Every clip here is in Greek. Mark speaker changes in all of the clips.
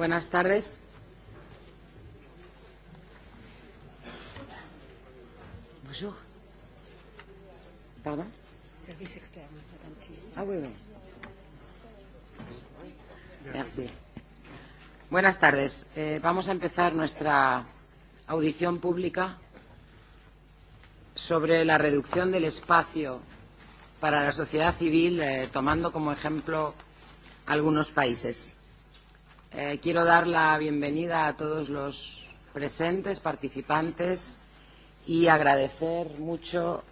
Speaker 1: Buenas tardes. Bonjour. Buenas tardes. Eh, vamos a empezar nuestra audición pública sobre la reducción del espacio para la sociedad civil, tomando como ejemplo algunos países quiero dar la bienvenida a todos los presentes, participantes, y agradecer mucho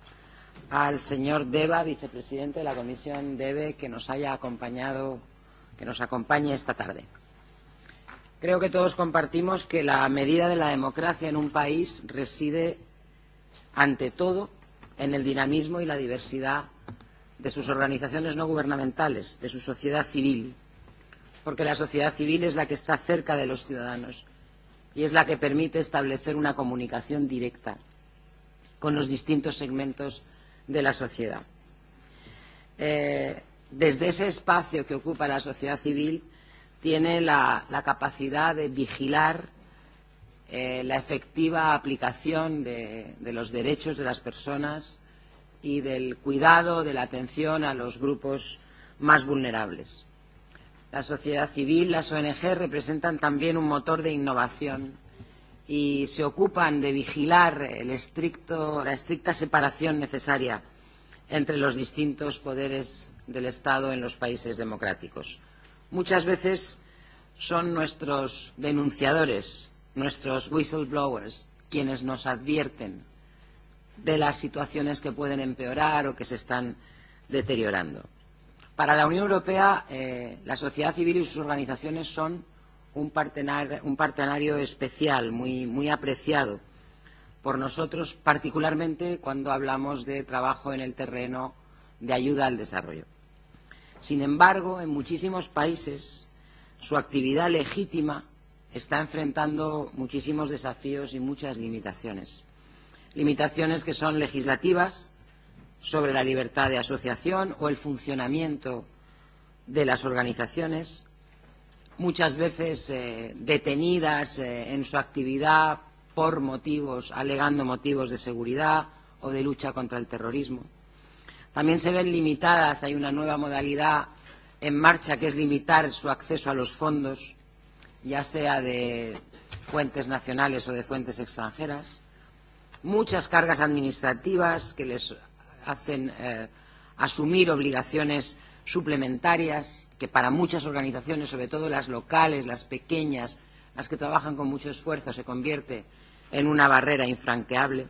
Speaker 1: al señor Deva, vicepresidente de la Comisión DEBE, que nos haya acompañado, que nos acompañe esta tarde. Creo que todos compartimos que la medida de la democracia en un país reside, ante todo, en el dinamismo y la diversidad de sus organizaciones no gubernamentales, de su sociedad civil, porque la sociedad civil es la que está cerca de los ciudadanos y es la que permite establecer una comunicación directa con los distintos segmentos de la sociedad. Desde ese espacio que ocupa la sociedad civil tiene la capacidad de vigilar la efectiva aplicación de los derechos de las personas y del cuidado, de la atención a los grupos más vulnerables la sociedad civil, las ONG representan también un motor de innovación y se ocupan de vigilar la estricta separación necesaria entre los distintos poderes del Estado en los países democráticos. Muchas veces son nuestros denunciadores, nuestros whistleblowers, quienes nos advierten de las situaciones que pueden empeorar o que se están deteriorando. Para la Unión Europea, la sociedad civil y sus organizaciones son un partenario especial, muy apreciado por nosotros, particularmente cuando hablamos de trabajo en el terreno de ayuda al desarrollo. Sin embargo, en muchísimos países, su actividad legítima está enfrentando muchísimos desafíos y muchas limitaciones. Limitaciones que son legislativas, sobre la libertad de asociación o el funcionamiento de las organizaciones, muchas veces detenidas en su actividad por motivos, alegando motivos de seguridad o de lucha contra el terrorismo. También se ven limitadas, hay una nueva modalidad en marcha que es limitar su acceso a los fondos, ya sea de fuentes nacionales o de fuentes extranjeras. Muchas cargas administrativas que les hacen asumir obligaciones suplementarias que para muchas organizaciones, sobre todo las locales, las pequeñas, las que trabajan con mucho esfuerzo, se convierte en una barrera infranqueable.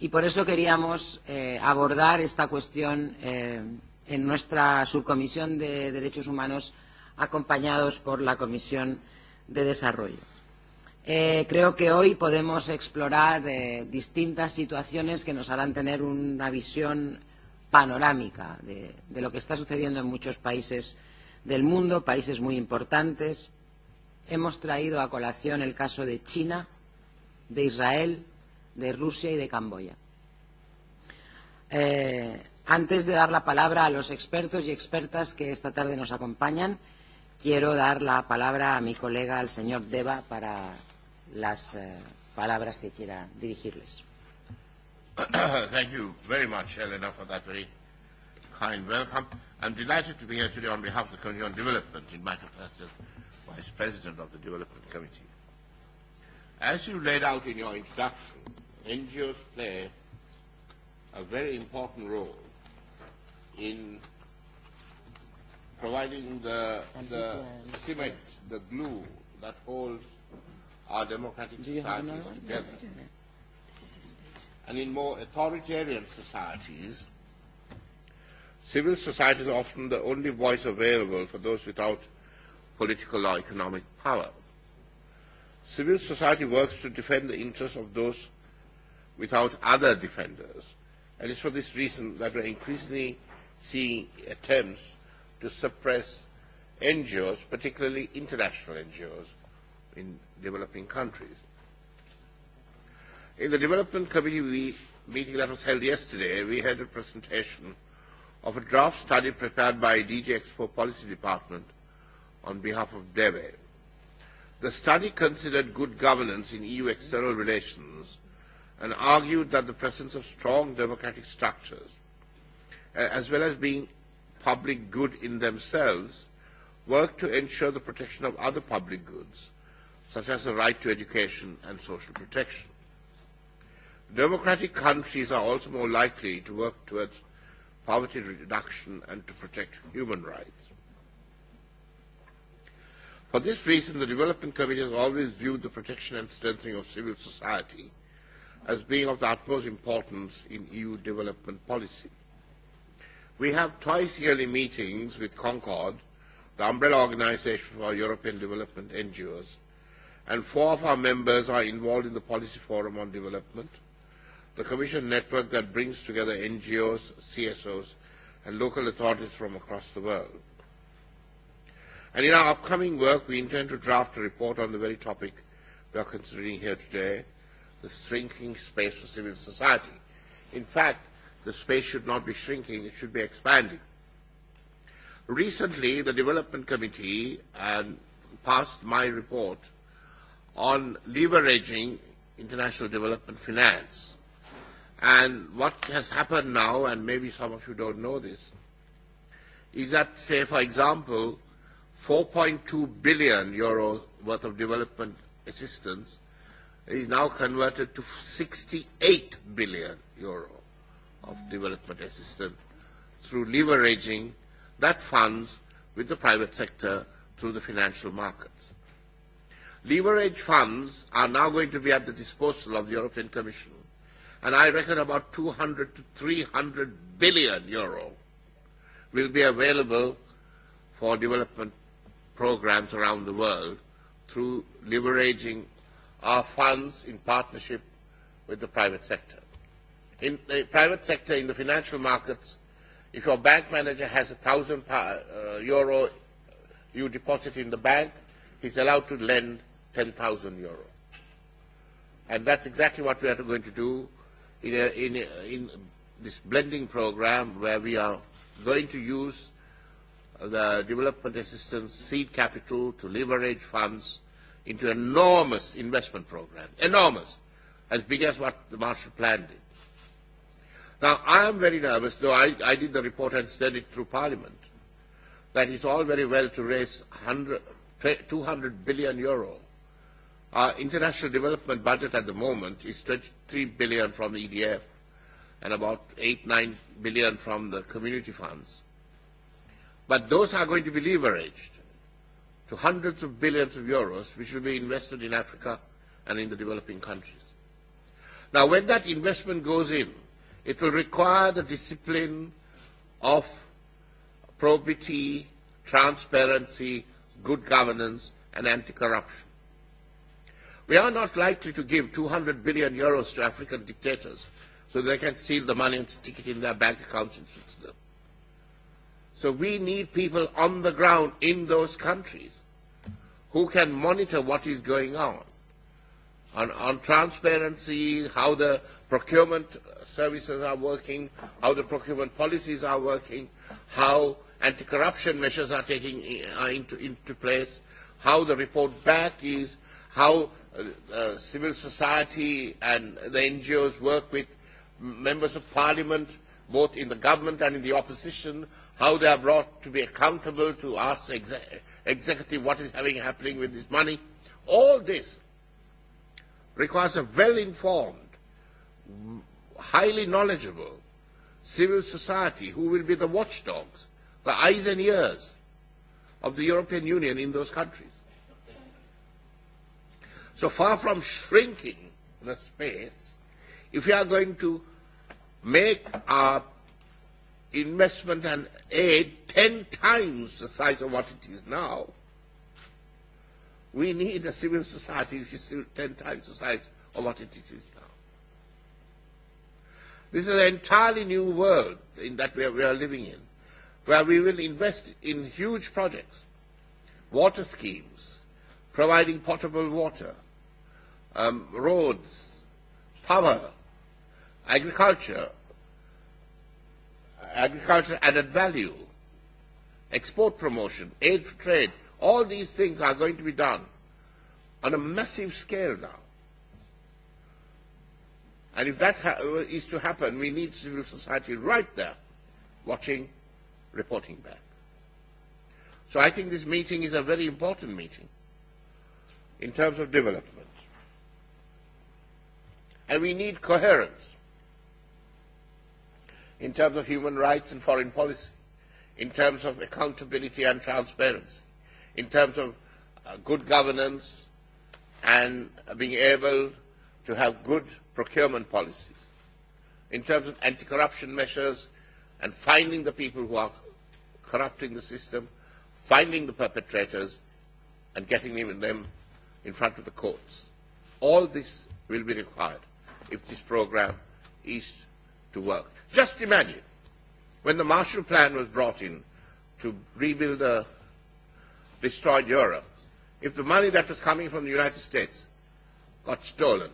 Speaker 1: Y por eso queríamos abordar esta cuestión en nuestra subcomisión de Derechos Humanos acompañados por la Comisión de Desarrollo. Creo que hoy podemos explorar distintas situaciones que nos harán tener una visión panorámica de lo que está sucediendo en muchos países del mundo, países muy importantes. Hemos traído a colación el caso de China, de Israel, de Rusia y de Camboya. Antes de dar la palabra a los expertos y expertas que esta tarde nos acompañan, quiero dar la palabra a mi colega, al señor Deva, para las palabras que quiera dirigirles.
Speaker 2: Thank you very much, Elena, for that very kind welcome. I'm delighted to be here today on behalf of the Committee on Development in my capacity as Vice President of the Development Committee. As you laid out in your introduction, NGOs play a very important role in providing the, the cement, the glue that holds our democratic societies together. And in more authoritarian societies, civil society is often the only voice available for those without political or economic power. Civil society works to defend the interests of those without other defenders, and it's for this reason that we're increasingly seeing attempts to suppress NGOs, particularly international NGOs, in developing countries. In the Development Committee meeting that was held yesterday, we had a presentation of a draft study prepared by DG 4 Policy Department on behalf of DEVE. The study considered good governance in EU external relations and argued that the presence of strong democratic structures, as well as being public good in themselves, work to ensure the protection of other public goods such as the right to education and social protection. Democratic countries are also more likely to work towards poverty reduction and to protect human rights. For this reason, the Development Committee has always viewed the protection and strengthening of civil society as being of the utmost importance in EU development policy. We have twice yearly meetings with Concord, the umbrella organisation for European development NGOs, and four of our members are involved in the Policy Forum on Development, the Commission network that brings together NGOs, CSOs, and local authorities from across the world. And in our upcoming work, we intend to draft a report on the very topic we are considering here today, the shrinking space for civil society. In fact, the space should not be shrinking, it should be expanding. Recently, the Development Committee passed my report on leveraging international development finance. And what has happened now, and maybe some of you don't know this, is that, say, for example, 4.2 billion euro worth of development assistance is now converted to 68 billion euro of development assistance through leveraging that funds with the private sector through the financial markets. Leverage funds are now going to be at the disposal of the European Commission, and I reckon about 200 to 300 billion euro will be available for development programs around the world through leveraging our funds in partnership with the private sector. In the private sector, in the financial markets, if your bank manager has a thousand euro you deposit in the bank, he's allowed to lend 10,000 euro. And that's exactly what we are going to do in, in, in this blending program where we are going to use the development assistance seed capital to leverage funds into enormous investment programs, enormous, as big as what the Marshall Plan did. Now, I am very nervous, though I, I did the report and said it through Parliament, that it's all very well to raise 100, 200 billion euro Our international development budget at the moment is 23 billion from the EDF and about 8, 9 billion from the community funds. But those are going to be leveraged to hundreds of billions of euros which will be invested in Africa and in the developing countries. Now when that investment goes in, it will require the discipline of probity, transparency, good governance and anti-corruption. We are not likely to give 200 billion euros to African dictators so they can steal the money and stick it in their bank accounts in Switzerland. So we need people on the ground in those countries who can monitor what is going on, on, transparency, how the procurement services are working, how the procurement policies are working, how anti-corruption measures are taking into, into place, how the report back is, how civil society and the NGOs work with members of parliament, both in the government and in the opposition, how they are brought to be accountable to us, executive, what is having happening with this money. All this requires a well-informed, highly knowledgeable civil society who will be the watchdogs, the eyes and ears of the European Union in those countries. So far from shrinking the space, if we are going to make our investment and aid ten times the size of what it is now, we need a civil society which is ten times the size of what it is now. This is an entirely new world in that we are living in, where we will invest in huge projects, water schemes, providing potable water, roads, power, agriculture, agriculture added value, export promotion, aid for trade, all these things are going to be done on a massive scale now. And if that is to happen, we need civil society right there, watching, reporting back. So I think this meeting is a very important meeting in terms of development and we need coherence in terms of human rights and foreign policy, in terms of accountability and transparency, in terms of good governance and being able to have good procurement policies, in terms of anti-corruption measures and finding the people who are corrupting the system, finding the perpetrators and getting them in front of the courts. All this will be required if this program is to work. Just imagine, when the Marshall Plan was brought in to rebuild a destroyed Europe, if the money that was coming from the United States got stolen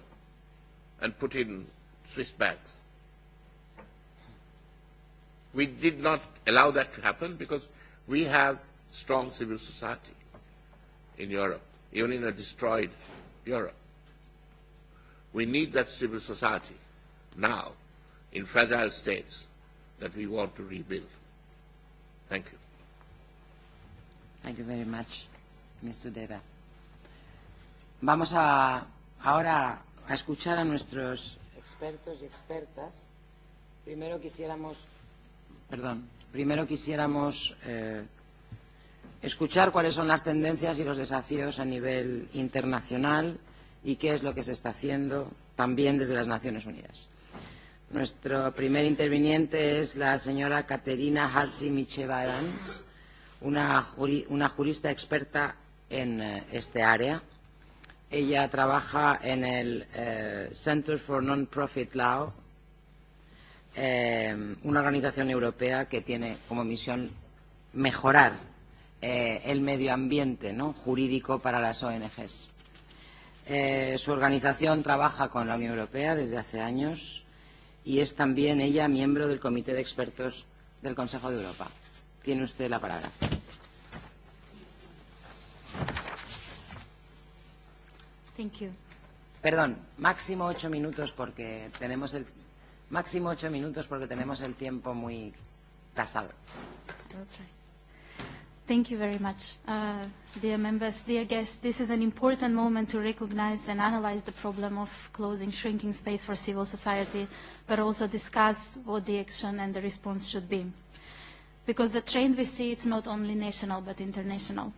Speaker 2: and put in Swiss banks, we did not allow that to happen because we have strong civil society in Europe, even in a destroyed Europe. We need that civil society now in fragile states that we want to rebuild.
Speaker 1: Thank you. Thank you very much, Mr. Deva. Vamos a, ahora a escuchar a nuestros expertos y expertas. Primero quisiéramos, perdón, primero quisiéramos eh, escuchar cuáles son las tendencias y los desafíos a nivel internacional y qué es lo que se está haciendo también desde las Naciones Unidas. Nuestro primer interviniente es la señora Katerina Micheva Evans, una jurista experta en este área. Ella trabaja en el Center for Non-Profit Law, una organización europea que tiene como misión mejorar el medio ambiente jurídico para las ONGs. Eh, su organización trabaja con la Unión Europea desde hace años y es también ella miembro del Comité de Expertos del Consejo de Europa. Tiene usted la palabra. Thank you. Perdón, máximo ocho minutos porque tenemos el máximo ocho minutos porque tenemos el tiempo muy tasado.
Speaker 3: Okay. Thank you very much, dear members, dear guests. This is an important moment to recognize and analyze the problem of closing shrinking space for civil society, but also discuss what the action and the response should be. Because the trend we see, is not only national, but international.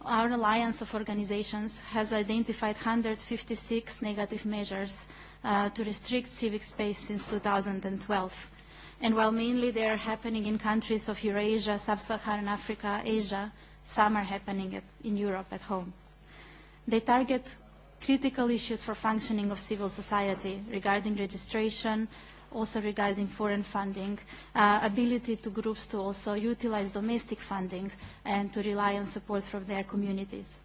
Speaker 3: Our alliance of organizations has identified 156 negative measures to restrict civic space since 2012 And while mainly they are happening in countries of Eurasia, Sub-Saharan Africa, Asia, some are happening in Europe at home. They target critical issues for functioning of civil society regarding registration, also regarding foreign funding, ability to groups to also utilize domestic funding and to rely on support from their communities.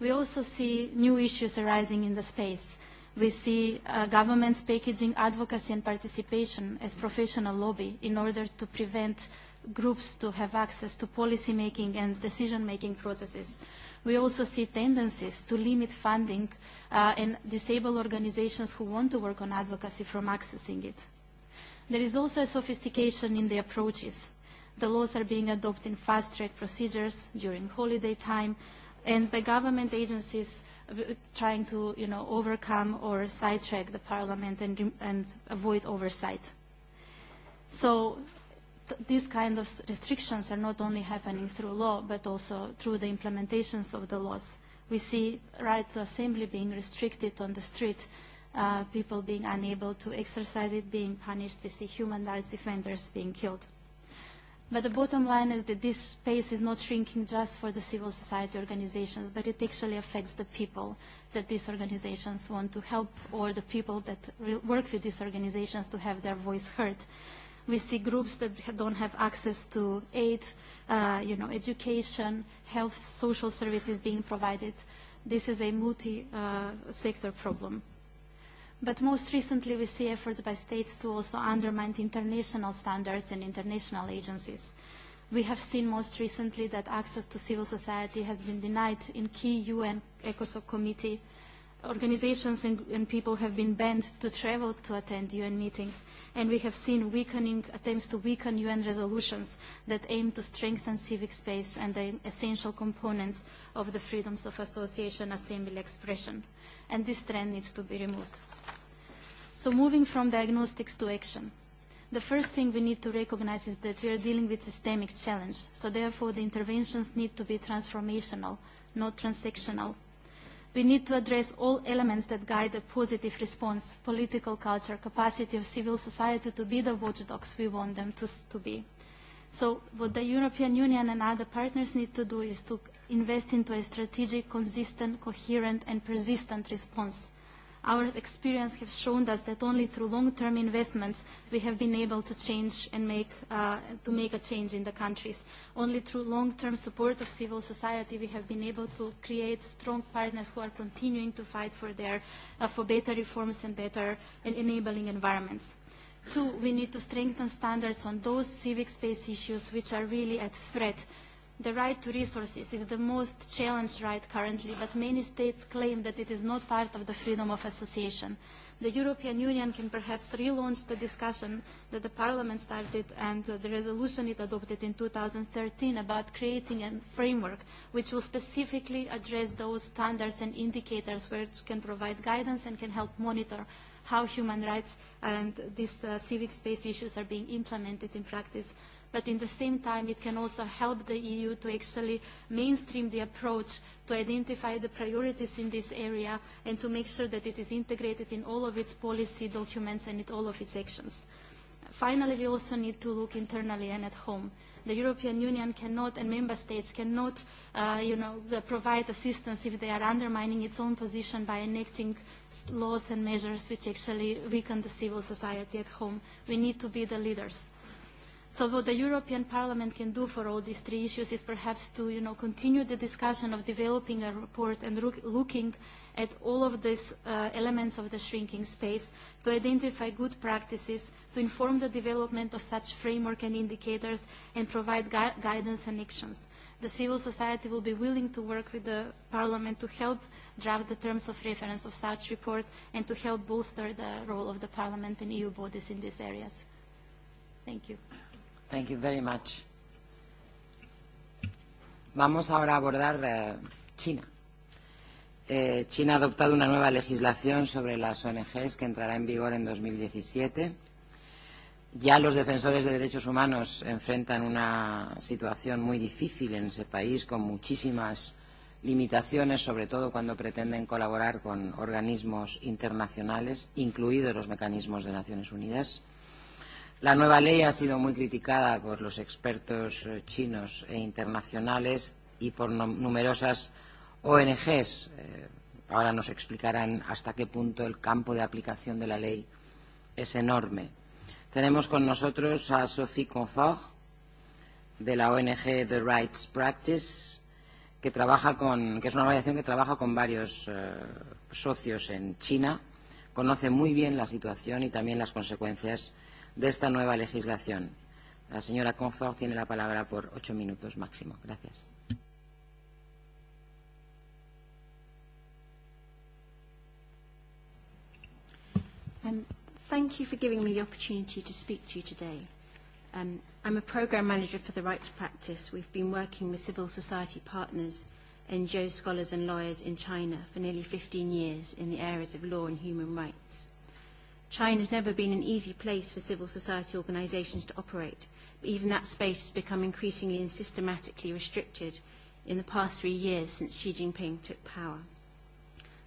Speaker 3: We also see new issues arising in the space We see governments packaging advocacy and participation as professional lobby in order to prevent groups to have access to policy making and decision making processes. We also see tendencies to limit funding and disable organizations who want to work on advocacy from accessing it. There is also a sophistication in the approaches. The laws are being adopted in fast-track procedures during holiday time and by government agencies trying to, overcome or sidetrack the parliament and, avoid oversight. So these kind of restrictions are not only happening through law, but also through the implementations of the laws. We see rights to assembly being restricted on the street, people being unable to exercise it, being punished. We see human rights defenders being killed. But the bottom line is that this space is not shrinking just for the civil society organizations, but it actually affects the people that these organizations want to help or the people that work with these organizations to have their voice heard. We see groups that don't have access to aid, education, health, social services being provided. This is a multi-sector problem. But most recently, we see efforts by states to also undermine international standards and international agencies. We have seen most recently that access to civil society has been denied in key UN ECOSOC committee. Organizations and people have been banned to travel to attend UN meetings, and we have seen weakening attempts to weaken UN resolutions that aim to strengthen civic space and the essential components of the freedoms of association, assembly, expression. And this trend needs to be removed. So moving from diagnostics to action. The first thing we need to recognize is that we are dealing with systemic challenge, so therefore the interventions need to be transformational, not transactional. We need to address all elements that guide a positive response, political culture, capacity of civil society to be the watchdogs we want them to be. So what the European Union and other partners need to do is to invest into a strategic, consistent, coherent and persistent response Our experience has shown us that only through long-term investments we have been able to change and make to make a change in the countries. Only through long-term support of civil society we have been able to create strong partners who are continuing to fight for for better reforms and better enabling environments. Two, we need to strengthen standards on those civic space issues which are really at threat The right to resources is the most challenged right currently, but many states claim that it is not part of the freedom of association. The European Union can perhaps relaunch the discussion that the Parliament started and the resolution it adopted in 2013 about creating a framework which will specifically address those standards and indicators which can provide guidance and can help monitor how human rights and these civic space issues are being implemented in practice but in the same time it can also help the EU to actually mainstream the approach to identify the priorities in this area and to make sure that it is integrated in all of its policy documents and in all of its actions. Finally, we also need to look internally and at home. The European Union cannot and member states cannot you know, provide assistance if they are undermining its own position by enacting laws and measures which actually weaken the civil society at home. We need to be the leaders. So what the European Parliament can do for all these three issues is perhaps to, you know, continue the discussion of developing a report and looking at all of these elements of the shrinking space, to identify good practices, to inform the development of such framework and indicators, and provide guidance and actions. The civil society will be willing to work with the Parliament to help draft the terms of reference of such report and to help bolster the role of the Parliament and EU bodies in these areas. Thank you.
Speaker 1: Thank you very much. Vamos ahora a abordar China. Eh, China ha adoptado una nueva legislación sobre las ONGs que entrará en vigor en 2017. Ya los defensores de derechos humanos enfrentan una situación muy difícil en ese país, con muchísimas limitaciones, sobre todo cuando pretenden colaborar con organismos internacionales, incluidos los mecanismos de Naciones Unidas. La nueva ley ha sido muy criticada por los expertos chinos e internacionales y por numerosas ONGs. Ahora nos explicarán hasta qué punto el campo de aplicación de la ley es enorme. Tenemos con nosotros a Sophie Confort, de la ONG The Rights Practice, que trabaja con, que es una organización que trabaja con varios socios en China, conoce muy bien la situación y también las consecuencias de esta nueva legislación. La señora Confort tiene la palabra por ocho minutos máximo. Gracias.
Speaker 4: Um, thank you for giving me the opportunity to speak to you today. Um, I'm a program manager for the Right to Practice. We've been working with civil society partners, NGO scholars and lawyers in China for nearly 15 years in the areas of law and human rights. China has never been an easy place for civil society organisations to operate, but even that space has become increasingly and systematically restricted in the past three years since Xi Jinping took power.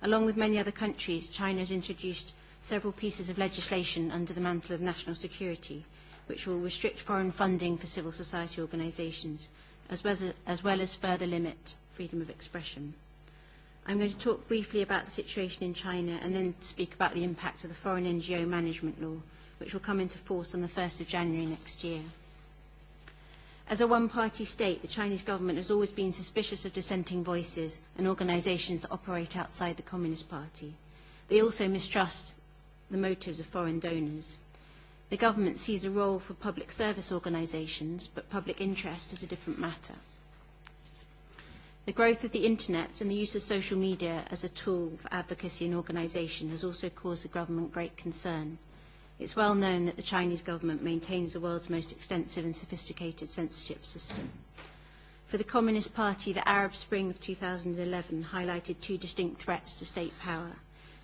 Speaker 4: Along with many other countries, China has introduced several pieces of legislation under the mantle of national security, which will restrict foreign funding for civil society organisations, as well as further limit freedom of expression. I'm going to talk briefly about the situation in China and then speak about the impact of the Foreign NGO Management Law, which will come into force on the 1st of January next year. As a one-party state, the Chinese government has always been suspicious of dissenting voices and organisations that operate outside the Communist Party. They also mistrust the motives of foreign donors. The government sees a role for public service organisations, but public interest is a different matter. The growth of the Internet and the use of social media as a tool for advocacy and organisation has also caused the government great concern. It's well known that the Chinese government maintains the world's most extensive and sophisticated censorship system. For the Communist Party, the Arab Spring of 2011 highlighted two distinct threats to state power,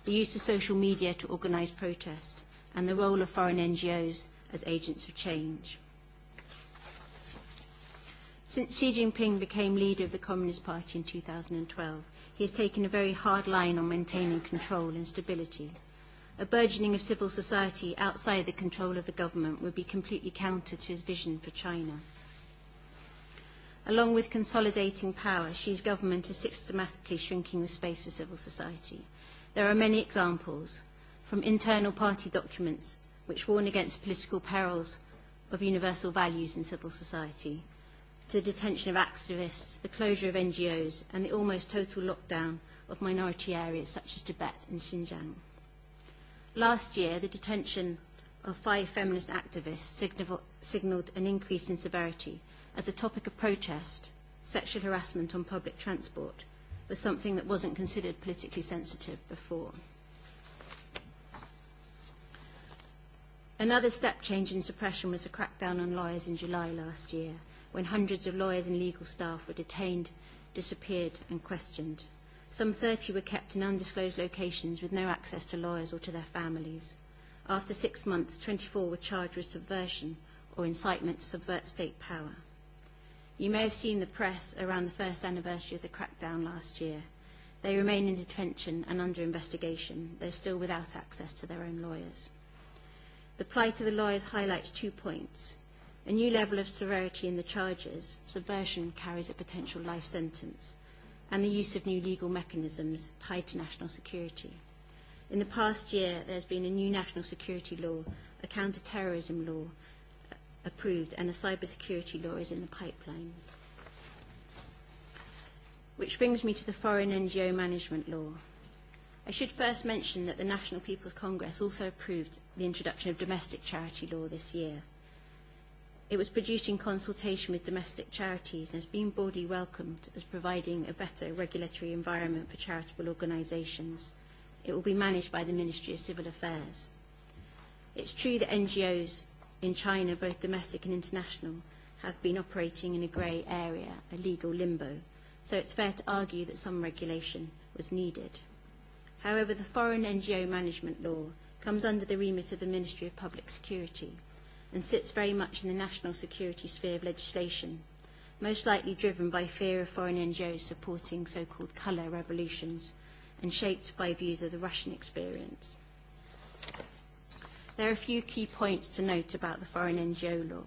Speaker 4: the use of social media to organise protest and the role of foreign NGOs as agents of change. Since Xi Jinping became leader of the Communist Party in 2012, he has taken a very hard line on maintaining control and stability. A burgeoning of civil society outside the control of the government would be completely counter to his vision for China. Along with consolidating power, Xi's government is systematically shrinking the space for civil society. There are many examples, from internal party documents which warn against political perils of universal values in civil society to the detention of activists, the closure of NGOs, and the almost total lockdown of minority areas such as Tibet and Xinjiang. Last year, the detention of five feminist activists signalled an increase in severity as a topic of protest, sexual harassment on public transport, was something that wasn't considered politically sensitive before. Another step change in suppression was a crackdown on lawyers in July last year, when hundreds of lawyers and legal staff were detained, disappeared and questioned. Some 30 were kept in undisclosed locations with no access to lawyers or to their families. After six months, 24 were charged with subversion or incitement to subvert state power. You may have seen the press around the first anniversary of the crackdown last year. They remain in detention and under investigation. They're still without access to their own lawyers. The plight of the lawyers highlights two points. A new level of severity in the charges, subversion carries a potential life sentence, and the use of new legal mechanisms tied to national security. In the past year, there's been a new national security law, a counter-terrorism law approved, and a cybersecurity law is in the pipeline. Which brings me to the Foreign NGO Management Law. I should first mention that the National People's Congress also approved the introduction of domestic charity law this year. It was produced in consultation with domestic charities and has been broadly welcomed as providing a better regulatory environment for charitable organisations. It will be managed by the Ministry of Civil Affairs. It's true that NGOs in China, both domestic and international, have been operating in a grey area, a legal limbo, so it's fair to argue that some regulation was needed. However, the Foreign NGO Management Law comes under the remit of the Ministry of Public Security and sits very much in the national security sphere of legislation, most likely driven by fear of foreign NGOs supporting so-called colour revolutions and shaped by views of the Russian experience. There are a few key points to note about the foreign NGO law.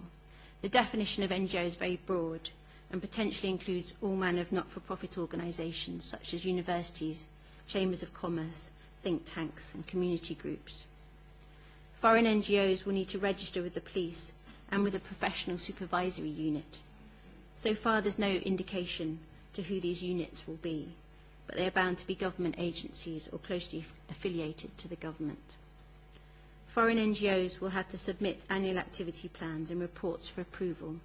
Speaker 4: The definition of NGO is very broad and potentially includes all manner of not-for-profit organisations such as universities, chambers of commerce, think tanks and community groups foreign NGOs will need to register with the police and with a professional supervisory unit. So far there's no indication to who these units will be, but they are bound to be government agencies or closely affiliated to the government. Foreign NGOs will have to submit annual activity plans and reports for approval,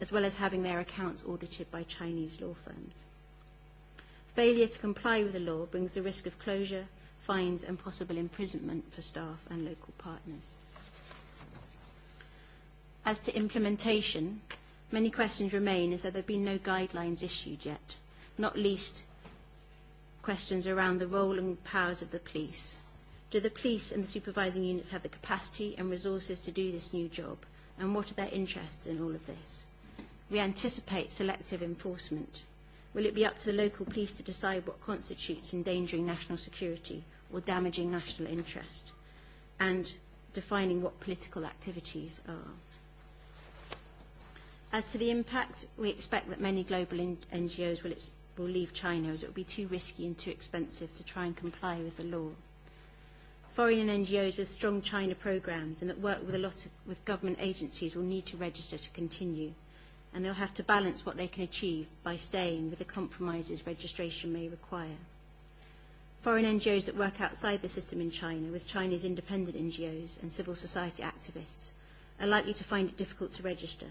Speaker 4: as well as having their accounts audited by Chinese law firms. Failure to comply with the law brings the risk of closure, fines and possible imprisonment for staff and local partners. As to implementation, many questions remain as there have been no guidelines issued yet, not least questions around the role and powers of the police. Do the police and the supervising units have the capacity and resources to do this new job, and what are their interests in all of this? We anticipate selective enforcement. Will it be up to the local police to decide what constitutes endangering national security, or damaging national interest, and defining what political activities are. As to the impact, we expect that many global NGOs will, will leave China as it will be too risky and too expensive to try and comply with the law. Foreign NGOs with strong China programs and that work with a lot with government agencies will need to register to continue, and they'll have to balance what they can achieve by staying with the compromises registration may require foreign NGOs that work outside the system in China with Chinese independent NGOs and civil society activists are likely to find it difficult to register.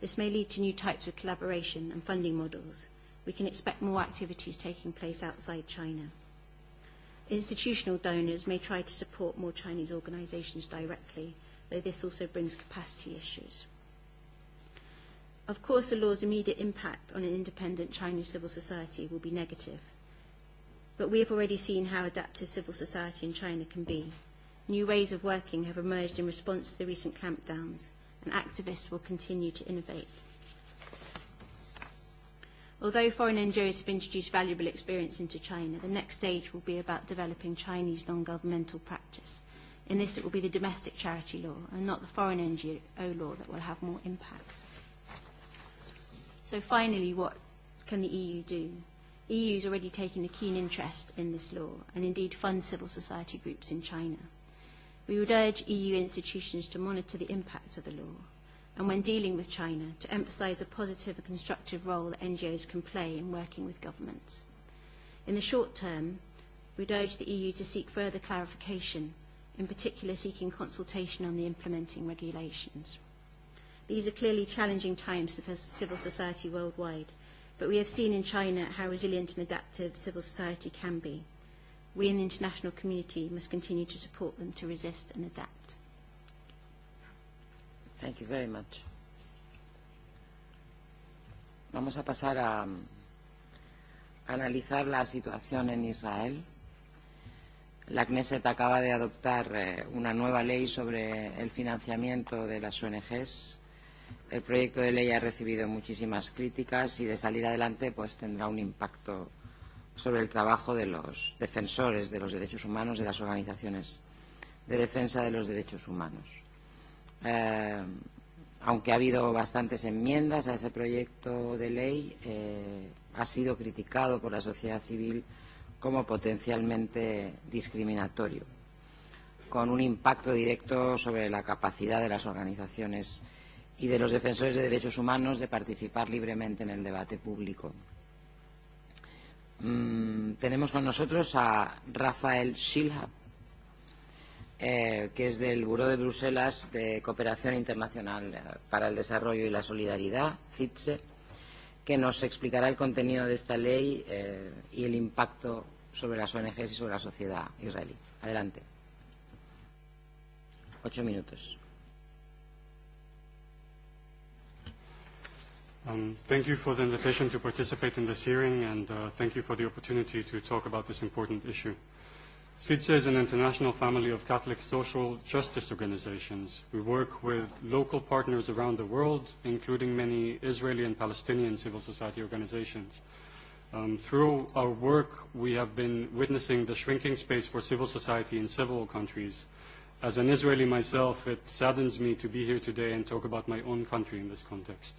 Speaker 4: This may lead to new types of collaboration and funding models. We can expect more activities taking place outside China. Institutional donors may try to support more Chinese organisations directly, though this also brings capacity issues. Of course, the law's immediate impact on an independent Chinese civil society will be negative, but we have already seen how adaptive civil society in China can be. New ways of working have emerged in response to the recent clampdowns, and activists will continue to innovate. Although foreign NGOs have introduced valuable experience into China, the next stage will be about developing Chinese non-governmental practice. In this, it will be the domestic charity law and not the foreign NGO law that will have more impact. So finally, what can the EU do? EU is already taking a keen interest in this law and indeed funds civil society groups in China. We would urge EU institutions to monitor the impact of the law and when dealing with China to emphasise a positive and constructive role that NGOs can play in working with governments. In the short term, we would urge the EU to seek further clarification, in particular seeking consultation on the implementing regulations. These are clearly challenging times for civil society worldwide, but we have seen in China how resilient and adaptive civil society can be. We in the international community must continue to support them to resist and adapt.
Speaker 1: Thank you very much. Vamos a pasar a analizar la situación en Israel. La Knesset acaba de adoptar una nueva ley sobre el financiamiento de las ONGs el proyecto de ley ha recibido muchísimas críticas y de salir adelante pues tendrá un impacto sobre el trabajo de los defensores de los derechos humanos de las organizaciones de defensa de los derechos humanos. Eh, aunque ha habido bastantes enmiendas a ese proyecto de ley, eh, ha sido criticado por la sociedad civil como potencialmente discriminatorio, con un impacto directo sobre la capacidad de las organizaciones y de los defensores de derechos humanos de participar libremente en el debate público. Tenemos con nosotros a Rafael Shilhab, que es del Buró de Bruselas de Cooperación Internacional para el Desarrollo y la Solidaridad, CITSE, que nos explicará el contenido de esta ley y el impacto sobre las ONGs y sobre la sociedad israelí. Adelante. Ocho minutos.
Speaker 5: Thank you for the invitation to participate in this hearing, and thank you for the opportunity to talk about this important issue. SIDSE is an international family of Catholic social justice organizations. We work with local partners around the world, including many Israeli and Palestinian civil society organizations. Through our work, we have been witnessing the shrinking space for civil society in several countries. As an Israeli myself, it saddens me to be here today and talk about my own country in this context.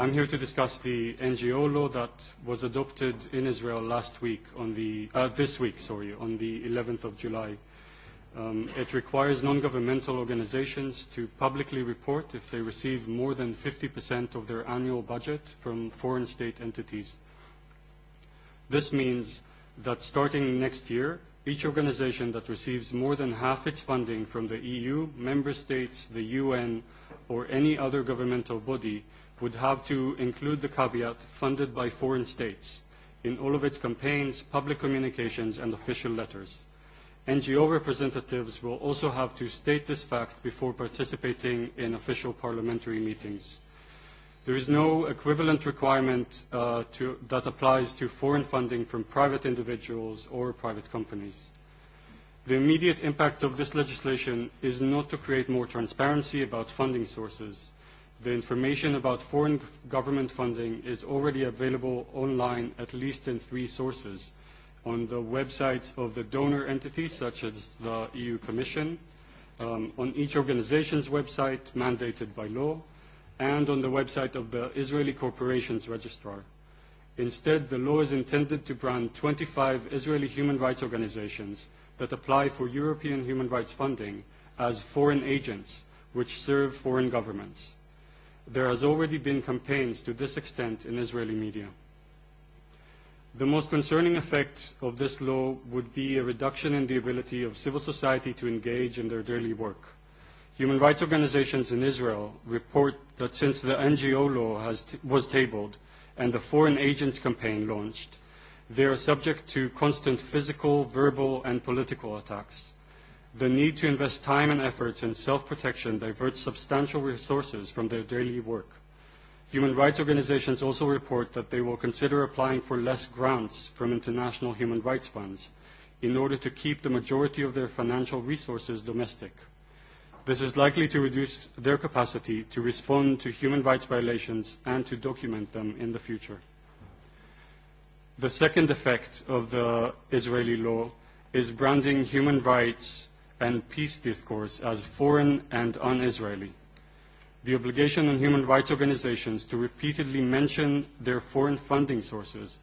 Speaker 5: I'm here to discuss the NGO law that was adopted in Israel last week on the this week, sorry, on the 11th of July. It requires non-governmental organizations to publicly report if they receive more than 50% of their annual budget from foreign state entities. This means that starting next year, each organization that receives more than half its funding from the EU, member states, the UN, or any other governmental body would have to include the caveat funded by foreign states in all of its campaigns, public communications, and official letters. NGO representatives will also have to state this fact before participating in official parliamentary meetings. There is no equivalent requirement that applies to foreign funding from private individuals or private companies. The immediate impact of this legislation is not to create more transparency about funding sources, The information about foreign government funding is already available online at least in three sources on the websites of the donor entities such as the EU Commission, on each organization's website mandated by law, and on the website of the Israeli Corporations Registrar. Instead, the law is intended to brand 25 Israeli human rights organizations that apply for European human rights funding as foreign agents which serve foreign governments there has already been campaigns to this extent in Israeli media. The most concerning effect of this law would be a reduction in the ability of civil society to engage in their daily work. Human rights organizations in Israel report that since the NGO law has was tabled and the Foreign Agents campaign launched, they are subject to constant physical, verbal, and political attacks. The need to invest time and efforts in self-protection diverts substantial resources from their daily work. Human rights organizations also report that they will consider applying for less grants from international human rights funds in order to keep the majority of their financial resources domestic. This is likely to reduce their capacity to respond to human rights violations and to document them in the future. The second effect of the Israeli law is branding human rights and peace discourse as foreign and un-Israeli. The obligation on human rights organizations to repeatedly mention their foreign funding sources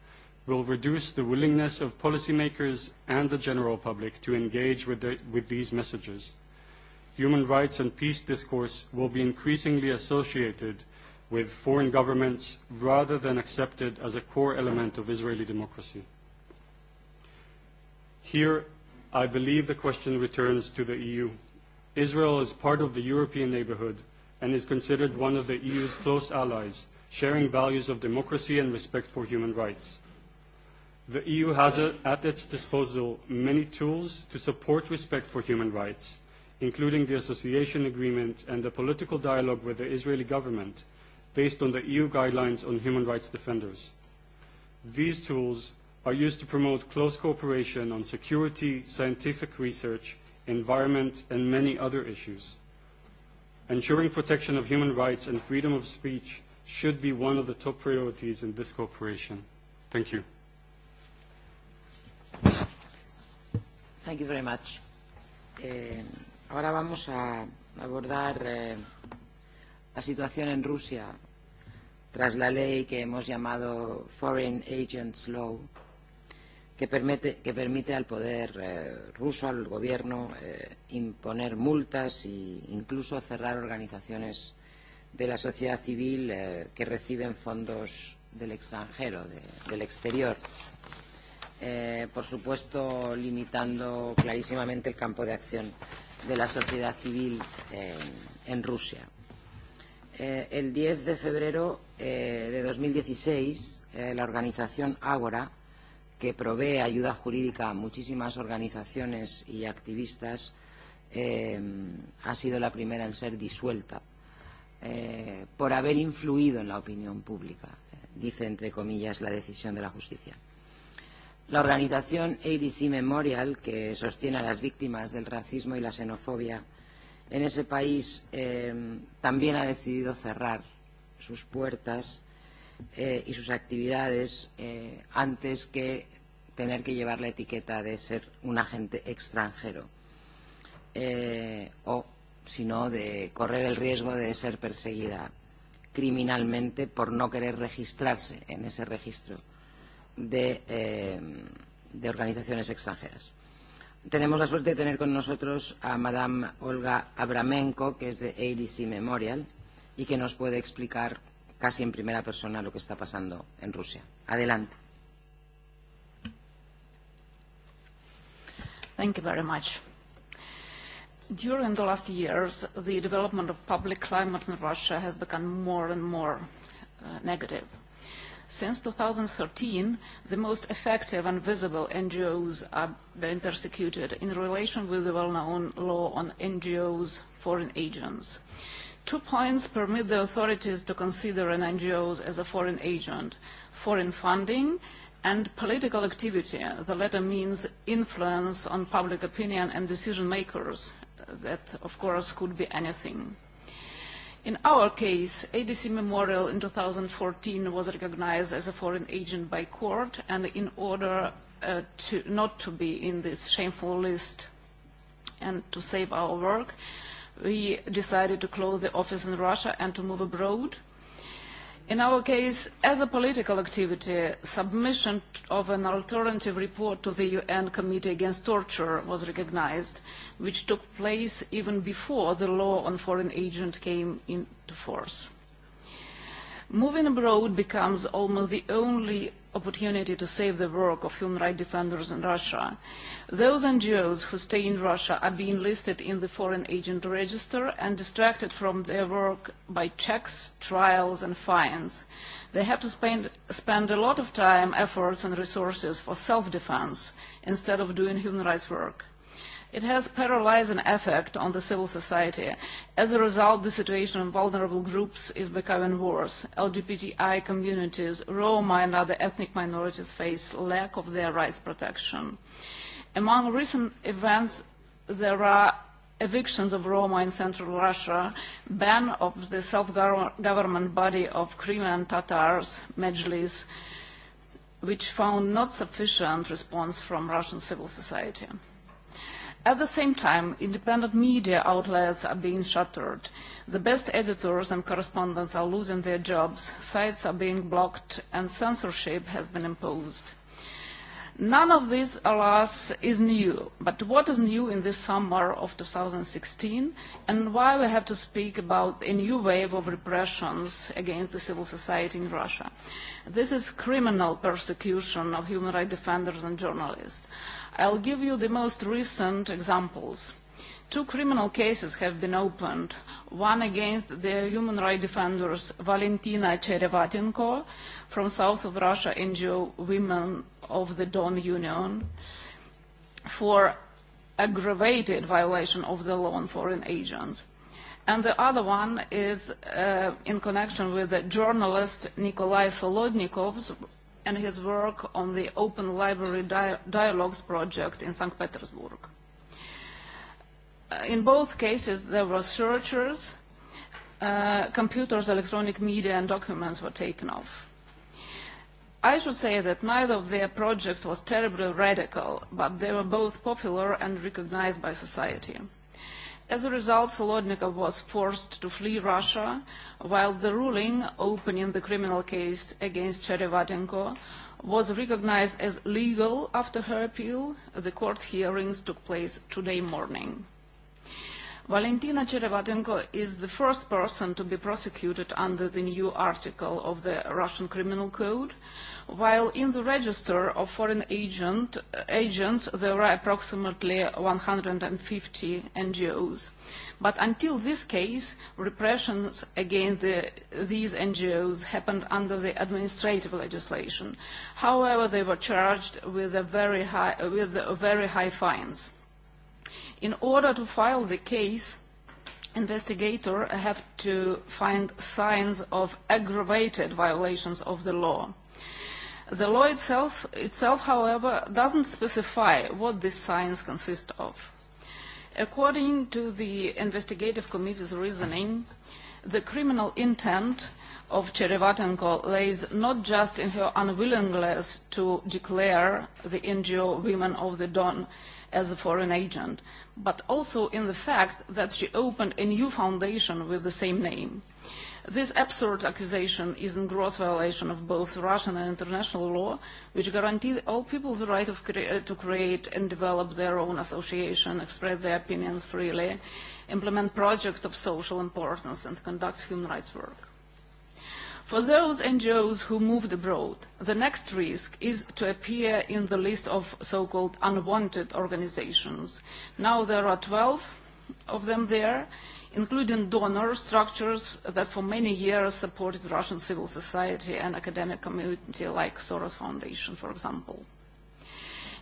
Speaker 5: will reduce the willingness of policymakers and the general public to engage with these messages. Human rights and peace discourse will be increasingly associated with foreign governments rather than accepted as a core element of Israeli democracy. Here, I believe the question returns to the EU. Israel is part of the European neighborhood and is considered one of the EU's close allies, sharing values of democracy and respect for human rights. The EU has at its disposal many tools to support respect for human rights, including the association agreement and the political dialogue with the Israeli government based on the EU guidelines on human rights defenders. These tools are used to promote close cooperation on security, scientific research, environment, and many other issues. Ensuring protection of human rights and freedom of speech should be one of the top priorities in this cooperation. Thank you.
Speaker 1: Thank you very much. Ahora vamos a abordar la situación en Rusia tras la ley que hemos llamado Foreign Agents Law que permite, que permite al poder ruso, al gobierno, imponer multas e incluso cerrar organizaciones de la sociedad civil que reciben fondos del extranjero, del exterior. Por supuesto, limitando clarísimamente el campo de acción de la sociedad civil en Rusia. El 10 de febrero de 2016, la organización Ágora que provee ayuda jurídica a muchísimas organizaciones y activistas, eh, ha sido la primera en ser disuelta eh, por haber influido en la opinión pública, dice entre comillas la decisión de la justicia. La organización ABC Memorial, que sostiene a las víctimas del racismo y la xenofobia en ese país, eh, también ha decidido cerrar sus puertas eh, y sus actividades eh, antes que tener que llevar la etiqueta de ser un agente extranjero eh, o, si no, de correr el riesgo de ser perseguida criminalmente por no querer registrarse en ese registro de, eh, de organizaciones extranjeras. Tenemos la suerte de tener con nosotros a Madame Olga Abramenko, que es de ADC Memorial, y que nos puede explicar casi en primera persona lo que está pasando en Rusia. Adelante.
Speaker 6: Thank you very much. During the last years, the development of public climate in Russia has become more and more negative. Since 2013, the most effective and visible NGOs are being persecuted in relation with the well-known law on NGOs foreign agents. Two points permit the authorities to consider an NGO as a foreign agent, foreign funding and political activity. The latter means influence on public opinion and decision makers. That, of course, could be anything. In our case, ADC Memorial in 2014 was recognized as a foreign agent by court, and in order not to be in this shameful list and to save our work, we decided to close the office in Russia and to move abroad. In our case, as a political activity, submission of an alternative report to the UN Committee Against Torture was recognized, which took place even before the law on foreign agent came into force. Moving abroad becomes almost the only opportunity to save the work of human rights defenders in Russia. Those NGOs who stay in Russia are being listed in the Foreign Agent Register and distracted from their work by checks, trials and fines. They have to spend a lot of time, efforts and resources for self-defense instead of doing human rights work. It has paralyzing effect on the civil society. As a result, the situation of vulnerable groups is becoming worse. LGBTI communities, Roma and other ethnic minorities face lack of their rights protection. Among recent events, there are evictions of Roma in central Russia, ban of the self-government body of Crimean Tatars, Majlis, which found not sufficient response from Russian civil society. At the same time, independent media outlets are being shuttered. The best editors and correspondents are losing their jobs, sites are being blocked, and censorship has been imposed. None of this, alas, is new. But what is new in this summer of 2016 and why we have to speak about a new wave of repressions against the civil society in Russia? This is criminal persecution of human rights defenders and journalists. I'll give you the most recent examples. Two criminal cases have been opened, one against the human rights defenders Valentina Cherevatinko from south of Russia NGO Women of the Don Union for aggravated violation of the law on foreign agents. And the other one is in connection with the journalist Nikolai Solodnikov's and his work on the Open Library Dialogues project in St. Petersburg. In both cases, there were searchers, computers, electronic media, and documents were taken off. I should say that neither of their projects was terribly radical, but they were both popular and recognized by society. As a result, Solodnikov was forced to flee Russia, while the ruling opening the criminal case against Cherevatenko was recognized as legal after her appeal. The court hearings took place today morning. Valentina Cherevatenko is the first person to be prosecuted under the new article of the Russian Criminal Code while in the register of foreign agents there are approximately 150 NGOs. But until this case, repressions against these NGOs happened under the administrative legislation. However, they were charged with very high fines. In order to file the case, investigators have to find signs of aggravated violations of the law. The law itself, however, doesn't specify what this science consists of. According to the investigative committee's reasoning, the criminal intent of Cherevatenko lays not just in her unwillingness to declare the NGO Women of the Don as a foreign agent, but also in the fact that she opened a new foundation with the same name. This absurd accusation is in gross violation of both Russian and international law, which guarantee all people the right to create and develop their own association, express their opinions freely, implement projects of social importance, and conduct human rights work. For those NGOs who moved abroad, the next risk is to appear in the list of so-called unwanted organizations. Now there are 12 of them there including donor structures that for many years supported Russian civil society and academic community like Soros Foundation, for example.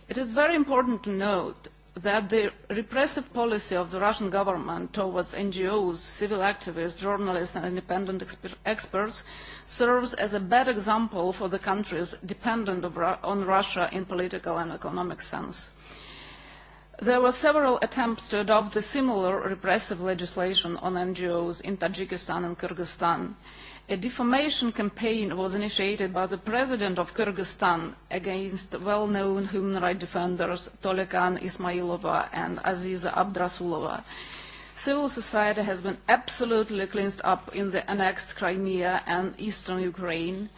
Speaker 6: It is very important to note that the repressive policy of the Russian government towards NGOs, civil activists, journalists and independent experts serves as a bad example for the countries dependent on Russia in political and economic sense. There were several attempts to adopt the similar repressive legislation on NGOs in Tajikistan and Kyrgyzstan. A defamation campaign was initiated by the president of Kyrgyzstan against well-known human rights defenders Tolekan Ismailova and Aziza Abdrasulova. Civil society has been absolutely cleansed up in the annexed Crimea and eastern Ukraine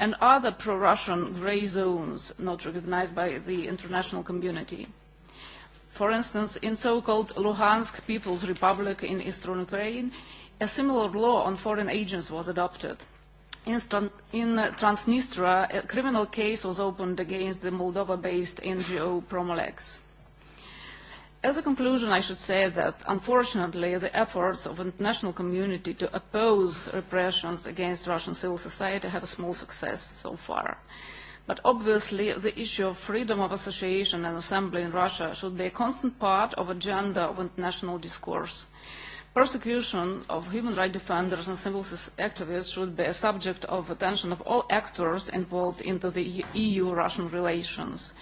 Speaker 6: and other pro-Russian grey zones not recognized by the international community. For instance, in so-called Luhansk People's Republic in eastern Ukraine, a similar law on foreign agents was adopted. In Transnistria, a criminal case was opened against the Moldova-based NGO Promolex. As a conclusion, I should say that, unfortunately, the efforts of the international community to oppose repressions against Russian civil society have small success so far. But obviously, the issue of freedom of association and assembly in Russia should be a constant part of agenda of international discourse. Persecution of human rights defenders and civil activists should be a subject of attention of all actors involved into the EU-Russian relations.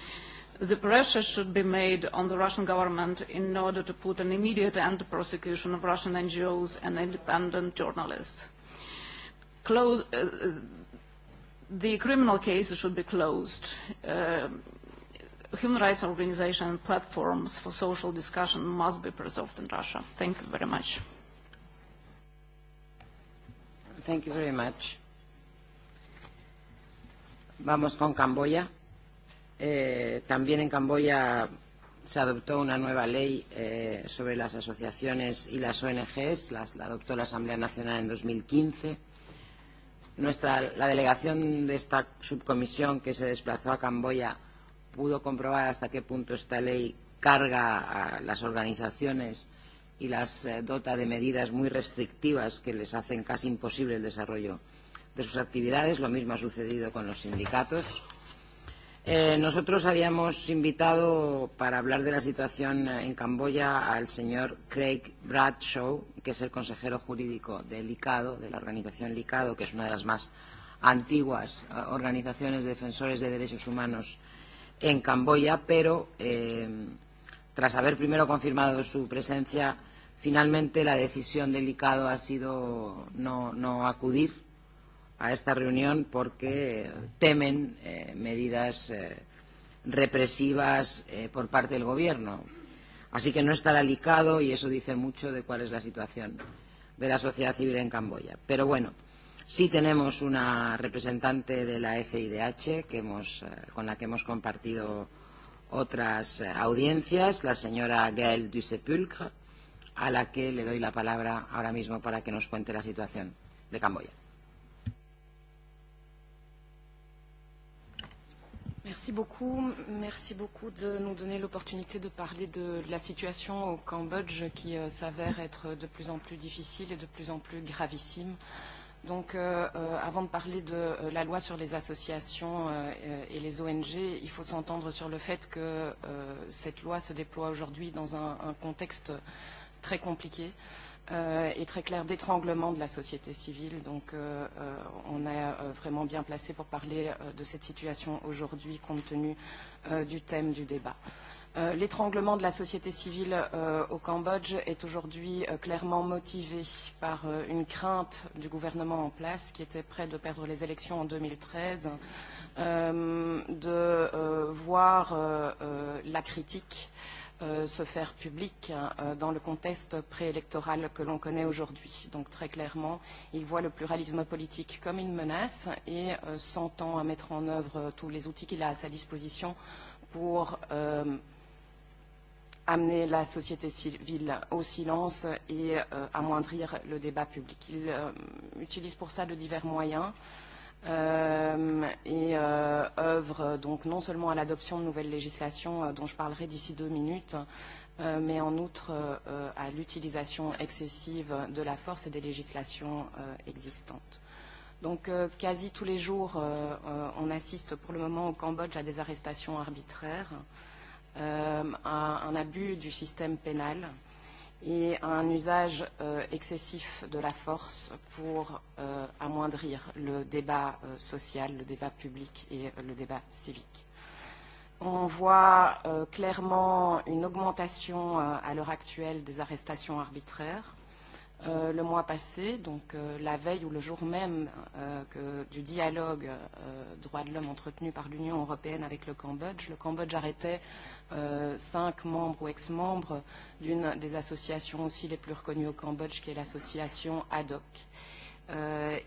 Speaker 6: The pressure should be made on the Russian government in order to put an immediate end to persecution of Russian NGOs and independent journalists The criminal cases should be closed. Human rights organization and platforms for social discussion must be preserved in Russia. Thank you very much.
Speaker 1: Thank you very much. Vamos con Camboya. Eh, también en Camboya se adoptó una nueva ley eh, sobre las asociaciones y las ONGs. Las, la adoptó la Asamblea Nacional en 2015 Nuestra, la delegación de esta subcomisión que se desplazó a Camboya pudo comprobar hasta qué punto esta ley carga a las organizaciones y las dota de medidas muy restrictivas que les hacen casi imposible el desarrollo de sus actividades. Lo mismo ha sucedido con los sindicatos. Eh, nosotros habíamos invitado para hablar de la situación en Camboya al señor Craig Bradshaw, que es el consejero jurídico de Licado, de la organización LICADO, que es una de las más antiguas organizaciones de defensores de derechos humanos en Camboya, pero eh, tras haber primero confirmado su presencia, finalmente la decisión de Licado ha sido no, no acudir a esta reunión porque temen medidas represivas por parte del Gobierno. Así que no estará licado y eso dice mucho de cuál es la situación de la sociedad civil en Camboya. Pero bueno, sí tenemos una representante de la FIDH que hemos, con la que hemos compartido otras audiencias, la señora Gaël du a la que le doy la palabra ahora mismo para que nos cuente la situación de Camboya.
Speaker 7: Merci beaucoup. Merci beaucoup de nous donner l'opportunité de parler de la situation au Cambodge qui s'avère être de plus en plus difficile et de plus en plus gravissime. Donc, avant de parler de la loi sur les associations et les ONG, il faut s'entendre sur le fait que cette loi se déploie aujourd'hui dans un contexte très compliqué et très clair d'étranglement de la société civile. Donc on est vraiment bien placé pour parler de cette situation aujourd'hui compte tenu du thème du débat. L'étranglement de la société civile au Cambodge est aujourd'hui clairement motivé par une crainte du gouvernement en place qui était prêt de perdre les élections en 2013, de voir la critique se faire public dans le contexte préélectoral que l'on connaît aujourd'hui. Donc très clairement, il voit le pluralisme politique comme une menace et s'entend à mettre en œuvre tous les outils qu'il a à sa disposition pour amener la société civile au silence et amoindrir le débat public. Il utilise pour ça de divers moyens et œuvre donc non seulement à l'adoption de nouvelles législations dont je parlerai d'ici deux minutes, mais en outre à l'utilisation excessive de la force et des législations existantes. Donc quasi tous les jours, on assiste pour le moment au Cambodge à des arrestations arbitraires, à un abus du système pénal et un usage excessif de la force pour amoindrir le débat social, le débat public et le débat civique. On voit clairement une augmentation à l'heure actuelle des arrestations arbitraires le mois passé, donc la veille ou le jour même du dialogue droit de l'homme entretenu par l'Union européenne avec le Cambodge. Le Cambodge arrêtait cinq membres ou ex-membres d'une des associations aussi les plus reconnues au Cambodge, qui est l'association ADOC,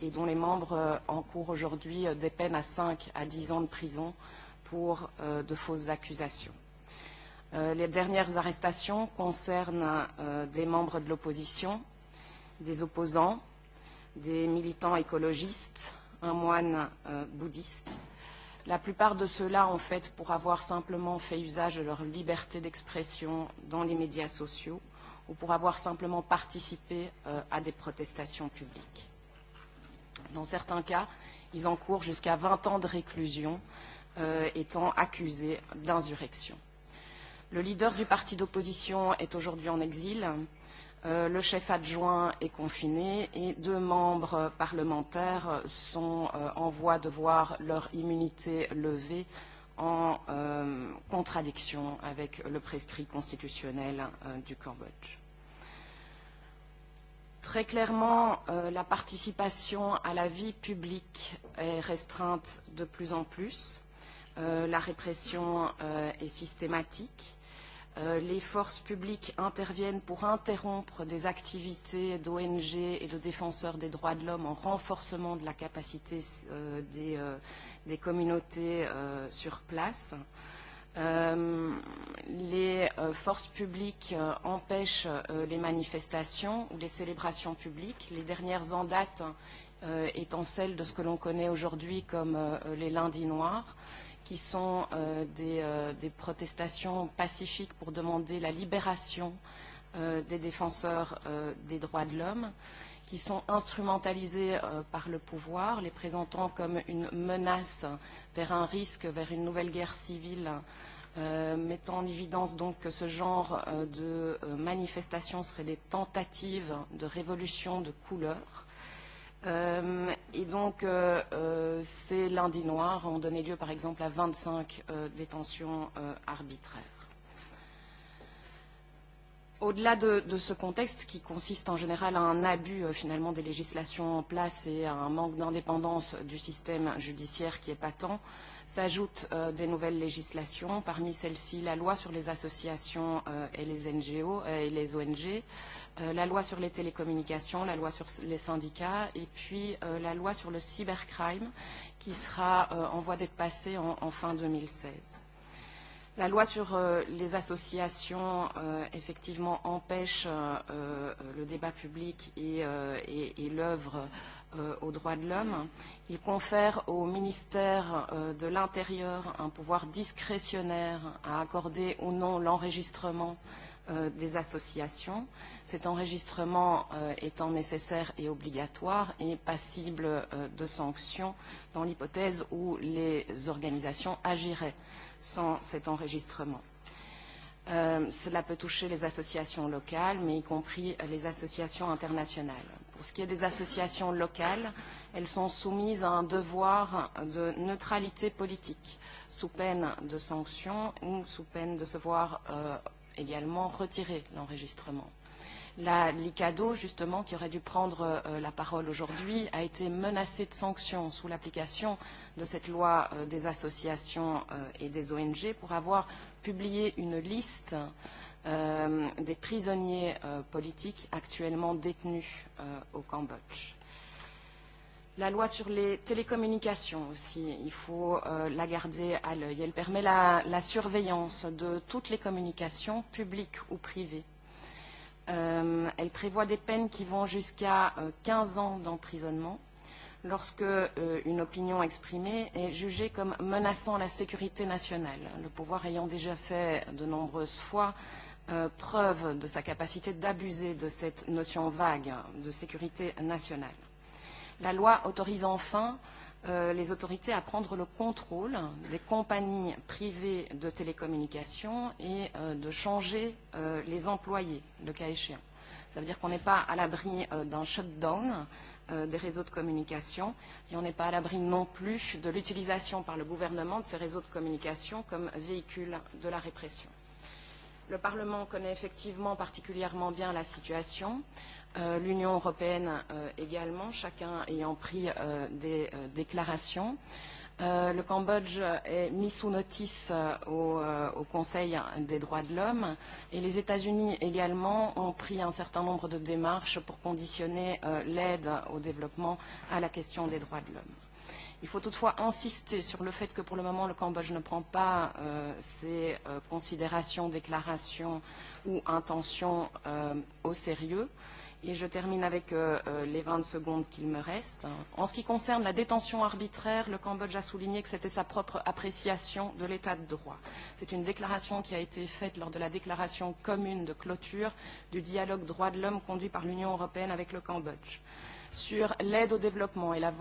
Speaker 7: et dont les membres encourent aujourd'hui des peines à cinq à dix ans de prison pour de fausses accusations. Les dernières arrestations concernent des membres de l'opposition des opposants, des militants écologistes, un moine bouddhiste. La plupart de ceux-là, en fait, pour avoir simplement fait usage de leur liberté d'expression dans les médias sociaux ou pour avoir simplement participé à des protestations publiques. Dans certains cas, ils encourent jusqu'à 20 ans de réclusion, étant accusés d'insurrection. Le leader du parti d'opposition est aujourd'hui en exil le chef adjoint est confiné et deux membres parlementaires sont en voie de voir leur immunité levée en contradiction avec le prescrit constitutionnel du Cambodge. Très clairement, la participation à la vie publique est restreinte de plus en plus. La répression est systématique les forces publiques interviennent pour interrompre des activités d'ONG et de défenseurs des droits de l'homme en renforcement de la capacité des communautés sur place. Les forces publiques empêchent les manifestations ou les célébrations publiques. Les dernières en date étant celles de ce que l'on connaît aujourd'hui comme les lundis noirs qui sont des protestations pacifiques pour demander la libération des défenseurs des droits de l'homme, qui sont instrumentalisées par le pouvoir, les présentant comme une menace vers un risque, vers une nouvelle guerre civile, mettant en évidence donc que ce genre de manifestations seraient des tentatives de révolution de couleurs. Et donc, ces lundis noirs ont donné lieu, par exemple, à 25 détentions arbitraires. Au-delà de ce contexte, qui consiste en général à un abus, finalement, des législations en place et à un manque d'indépendance du système judiciaire qui est patent, s'ajoutent des nouvelles législations, parmi celles-ci la loi sur les associations et les NGO et les ONG, la loi sur les télécommunications, la loi sur les syndicats et puis la loi sur le cybercrime qui sera en voie d'être passée en fin 2016. La loi sur les associations, effectivement, empêche le débat public et l'œuvre aux droits de l'homme. Il confère au ministère de l'Intérieur un pouvoir discrétionnaire à accorder ou non l'enregistrement des associations. Cet enregistrement étant nécessaire et obligatoire et passible de sanctions dans l'hypothèse où les organisations agiraient sans cet enregistrement. Cela peut toucher les associations locales, mais y compris les associations internationales. Pour ce qui est des associations locales, elles sont soumises à un devoir de neutralité politique, sous peine de sanctions ou sous peine de se voir également retirer l'enregistrement. La Licado, justement, qui aurait dû prendre la parole aujourd'hui, a été menacée de sanctions sous l'application de cette loi des associations et des ONG pour avoir publié une liste des prisonniers politiques actuellement détenus au Cambodge. La loi sur les télécommunications aussi, il faut la garder à l'œil. Elle permet la surveillance de toutes les communications, publiques ou privées. Elle prévoit des peines qui vont jusqu'à 15 ans d'emprisonnement lorsque une opinion exprimée est jugée comme menaçant la sécurité nationale, le pouvoir ayant déjà fait de nombreuses fois preuve de sa capacité d'abuser de cette notion vague de sécurité nationale. La loi autorise enfin les autorités à prendre le contrôle des compagnies privées de télécommunications et de changer les employés, le cas échéant. Ça veut dire qu'on n'est pas à l'abri d'un shutdown des réseaux de communication et on n'est pas à l'abri non plus de l'utilisation par le gouvernement de ces réseaux de communication comme véhicule de la répression. Le Parlement connaît effectivement particulièrement bien la situation, l'Union européenne également, chacun ayant pris des déclarations. Le Cambodge est mis sous notice au Conseil des droits de l'homme et les États-Unis également ont pris un certain nombre de démarches pour conditionner l'aide au développement à la question des droits de l'homme. Il faut toutefois insister sur le fait que pour le moment, le Cambodge ne prend pas ces considérations, déclarations ou intentions au sérieux. Et je termine avec les 20 secondes qu'il me reste. En ce qui concerne la détention arbitraire, le Cambodge a souligné que c'était sa propre appréciation de l'état de droit. C'est une déclaration qui a été faite lors de la déclaration commune de clôture du dialogue droits de l'homme conduit par l'Union européenne avec le Cambodge sur l'aide au développement et la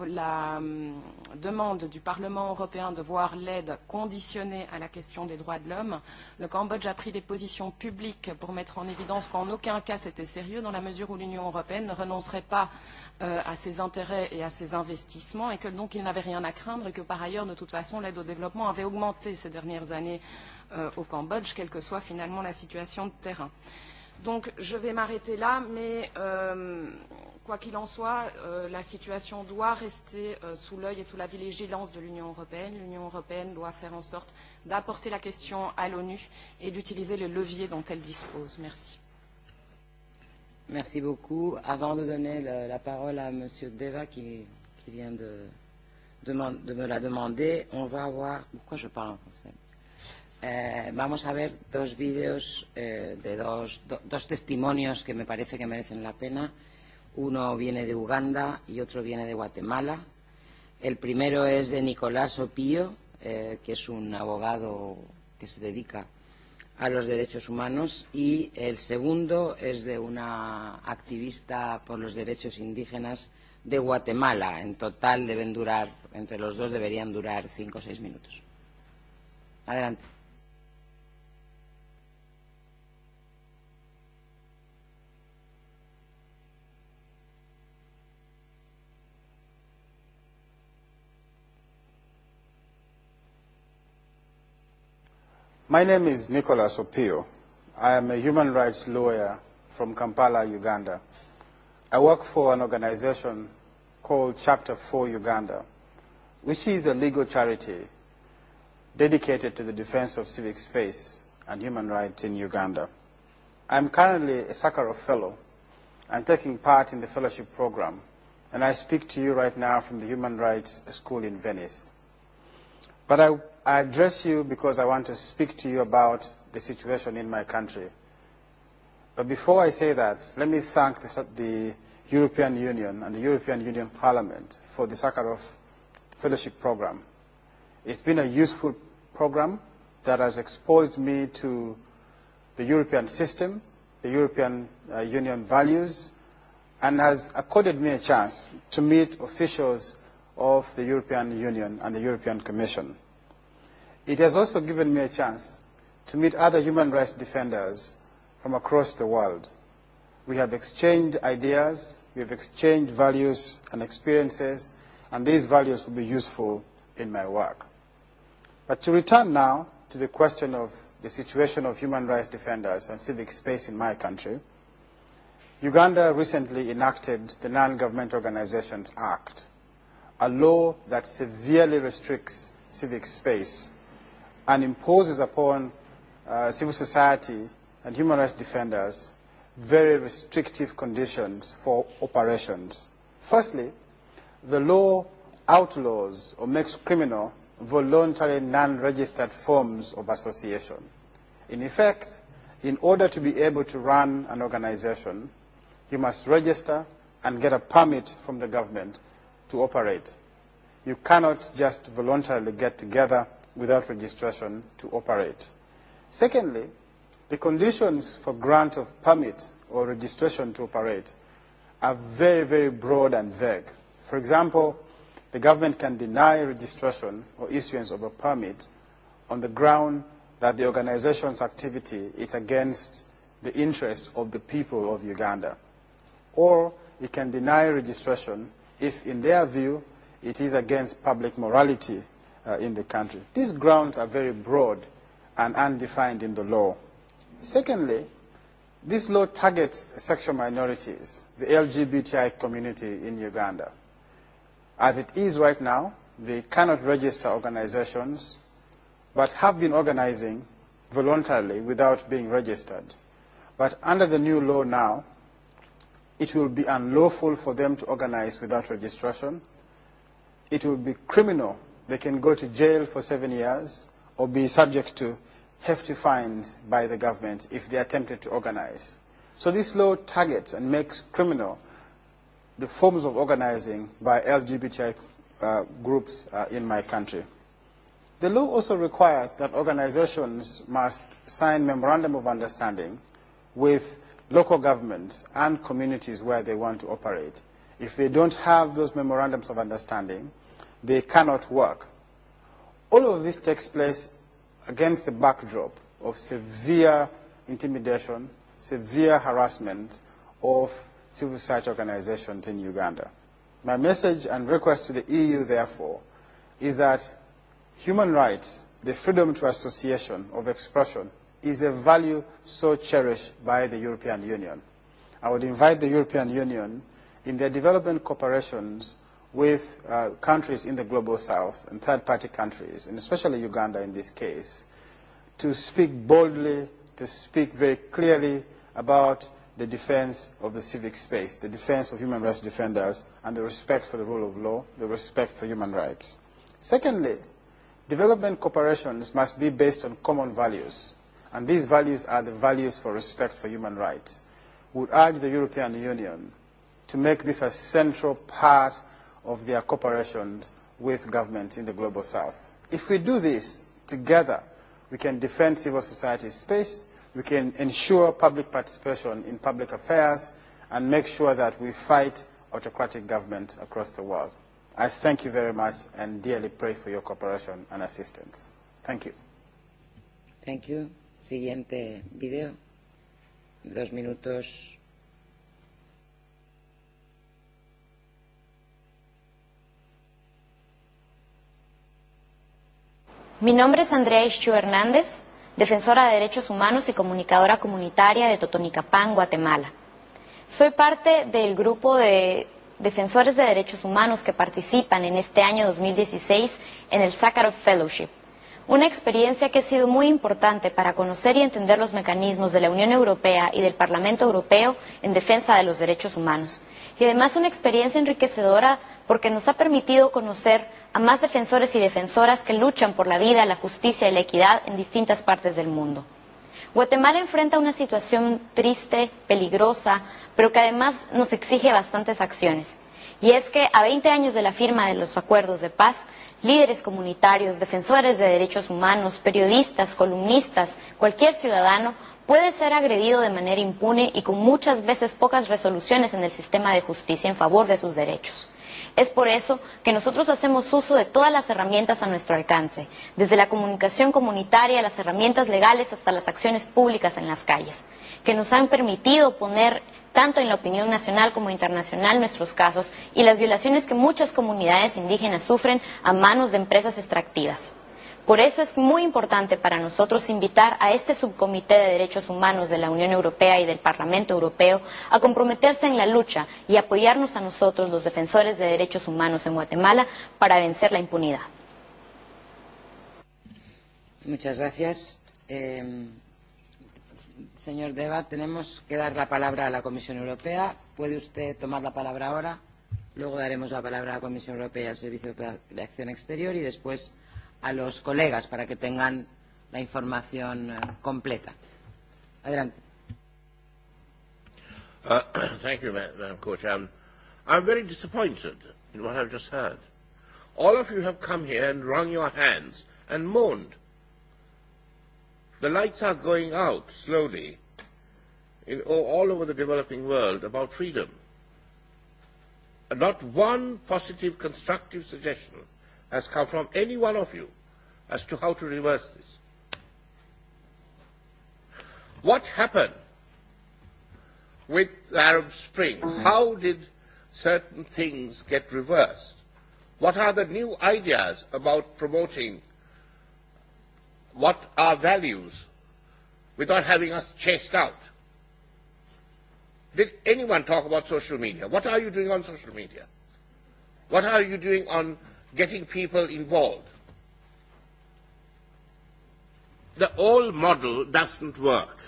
Speaker 7: demande du Parlement européen de voir l'aide conditionnée à la question des droits de l'homme, le Cambodge a pris des positions publiques pour mettre en évidence qu'en aucun cas c'était sérieux dans la mesure où l'Union européenne ne renoncerait pas à ses intérêts et à ses investissements et que donc il n'avait rien à craindre et que par ailleurs de toute façon l'aide au développement avait augmenté ces dernières années au Cambodge, quelle que soit finalement la situation de terrain. Donc je vais m'arrêter là, mais Quoi qu'il en soit, la situation doit rester sous l'œil et sous la vigilance de l'Union européenne. L'Union européenne doit faire en sorte d'apporter la question à l'ONU et d'utiliser les leviers dont elle dispose. Merci.
Speaker 1: Merci beaucoup. Avant de donner la parole à M. Deva, qui vient de me la demander, on va voir... Pourquoi je parle en français Vamos a ver dos vídeos de dos testimonios que me parece que merecen la pena Uno viene de Uganda y otro viene de Guatemala. El primero es de Nicolás Opío, eh, que es un abogado que se dedica a los derechos humanos. Y el segundo es de una activista por los derechos indígenas de Guatemala. En total deben durar, entre los dos deberían durar cinco o seis minutos. Adelante.
Speaker 8: My name is Nicholas Opio. I am a human rights lawyer from Kampala, Uganda. I work for an organization called Chapter 4 Uganda, which is a legal charity dedicated to the defense of civic space and human rights in Uganda. I'm currently a Sakharov Fellow and taking part in the fellowship program, and I speak to you right now from the Human Rights School in Venice. But I I address you because I want to speak to you about the situation in my country. But before I say that, let me thank the European Union and the European Union Parliament for the Sakharov Fellowship Program. It's been a useful program that has exposed me to the European system, the European Union values, and has accorded me a chance to meet officials of the European Union and the European Commission. It has also given me a chance to meet other human rights defenders from across the world. We have exchanged ideas, we have exchanged values and experiences, and these values will be useful in my work. But to return now to the question of the situation of human rights defenders and civic space in my country, Uganda recently enacted the Non-Government Organizations Act, a law that severely restricts civic space and imposes upon civil society and human rights defenders very restrictive conditions for operations. Firstly, the law outlaws or makes criminal voluntary non-registered forms of association. In effect, in order to be able to run an organization, you must register and get a permit from the government to operate. You cannot just voluntarily get together without registration to operate. Secondly, the conditions for grant of permit or registration to operate are very, very broad and vague. For example, the government can deny registration or issuance of a permit on the ground that the organization's activity is against the interest of the people of Uganda. Or it can deny registration if, in their view, it is against public morality in the country. These grounds are very broad and undefined in the law. Secondly, this law targets sexual minorities, the LGBTI community in Uganda. As it is right now, they cannot register organizations, but have been organizing voluntarily without being registered. But under the new law now, it will be unlawful for them to organize without registration. It will be criminal they can go to jail for seven years or be subject to hefty fines by the government if they attempted to organize. So this law targets and makes criminal the forms of organizing by LGBTI groups in my country. The law also requires that organizations must sign memorandum of understanding with local governments and communities where they want to operate. If they don't have those memorandums of understanding, they cannot work. All of this takes place against the backdrop of severe intimidation, severe harassment of civil society organizations in Uganda. My message and request to the EU, therefore, is that human rights, the freedom to association, of expression, is a value so cherished by the European Union. I would invite the European Union in their development cooperation with countries in the global south and third-party countries, and especially Uganda in this case, to speak boldly, to speak very clearly about the defense of the civic space, the defense of human rights defenders, and the respect for the rule of law, the respect for human rights. Secondly, development corporations must be based on common values, and these values are the values for respect for human rights. We would urge the European Union to make this a central part of their cooperation with governments in the global south. If we do this together, we can defend civil society space, we can ensure public participation in public affairs, and make sure that we fight autocratic governments across the world. I thank you very much and dearly pray for your cooperation and assistance. Thank you.
Speaker 1: Thank you. Siguiente video. Dos minutos.
Speaker 9: Mi nombre es Andrea Ischu Hernández, defensora de derechos humanos y comunicadora comunitaria de Totonicapán, Guatemala. Soy parte del grupo de defensores de derechos humanos que participan en este año 2016 en el Sakharov Fellowship, una experiencia que ha sido muy importante para conocer y entender los mecanismos de la Unión Europea y del Parlamento Europeo en defensa de los derechos humanos. Y además una experiencia enriquecedora porque nos ha permitido conocer a más defensores y defensoras que luchan por la vida, la justicia y la equidad en distintas partes del mundo. Guatemala enfrenta una situación triste, peligrosa, pero que además nos exige bastantes acciones. Y es que a 20 años de la firma de los acuerdos de paz, líderes comunitarios, defensores de derechos humanos, periodistas, columnistas, cualquier ciudadano puede ser agredido de manera impune y con muchas veces pocas resoluciones en el sistema de justicia en favor de sus derechos. Es por eso que nosotros hacemos uso de todas las herramientas a nuestro alcance, desde la comunicación comunitaria, las herramientas legales hasta las acciones públicas en las calles, que nos han permitido poner tanto en la opinión nacional como internacional nuestros casos y las violaciones que muchas comunidades indígenas sufren a manos de empresas extractivas. Por eso es muy importante para nosotros invitar a este subcomité de derechos humanos de la Unión Europea y del Parlamento Europeo a comprometerse en la lucha y apoyarnos a nosotros, los defensores de derechos humanos en Guatemala, para vencer la impunidad.
Speaker 1: Muchas gracias. Eh, señor Deva, tenemos que dar la palabra a la Comisión Europea. ¿Puede usted tomar la palabra ahora? Luego daremos la palabra a la Comisión Europea y al Servicio de Acción Exterior y después a los colegas para que tengan la información completa. Adelante.
Speaker 2: Thank you, Madam Coach. I'm very disappointed in what I've just heard. All of you have come here and wrung your hands and moaned. The lights are going out slowly in all over the developing world about freedom. Not one positive, constructive suggestion has come from any one of you as to how to reverse this. What happened with the Arab Spring? How did certain things get reversed? What are the new ideas about promoting what are values without having us chased out? Did anyone talk about social media? What are you doing on social media? What are you doing on getting people involved. The old model doesn't work.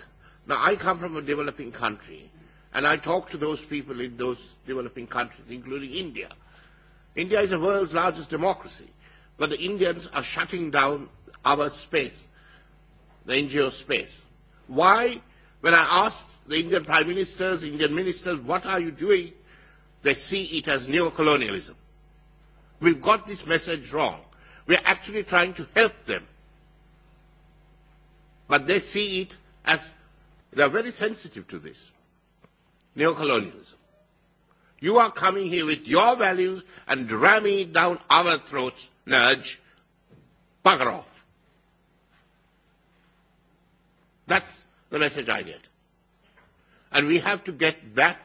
Speaker 2: Now, I come from a developing country, and I talk to those people in those developing countries, including India. India is the world's largest democracy, but the Indians are shutting down our space, the NGO space. Why? When I asked the Indian prime ministers, Indian ministers, what are you doing, they see it as neocolonialism. We've got this message wrong. We're actually trying to help them. But they see it as they are very sensitive to this. Neocolonialism. You are coming here with your values and ramming it down our throats, nudge, bugger off. That's the message I get. And we have to get that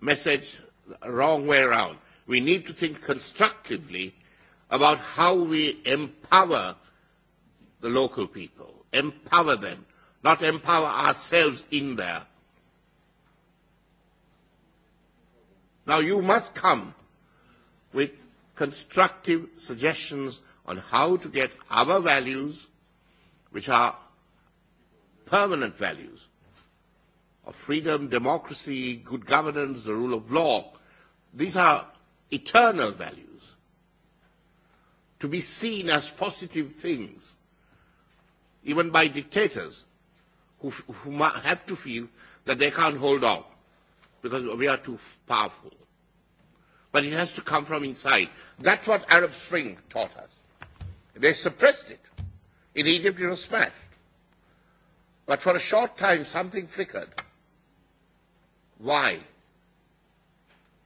Speaker 2: message the wrong way around. We need to think constructively about how we empower the local people, empower them, not empower ourselves in there. Now you must come with constructive suggestions on how to get our values, which are permanent values of freedom, democracy, good governance, the rule of law. These are eternal values to be seen as positive things, even by dictators who have to feel that they can't hold on because we are too powerful. But it has to come from inside. That's what Arab Spring taught us. They suppressed it. In Egypt it was smashed. But for a short time something flickered. Why?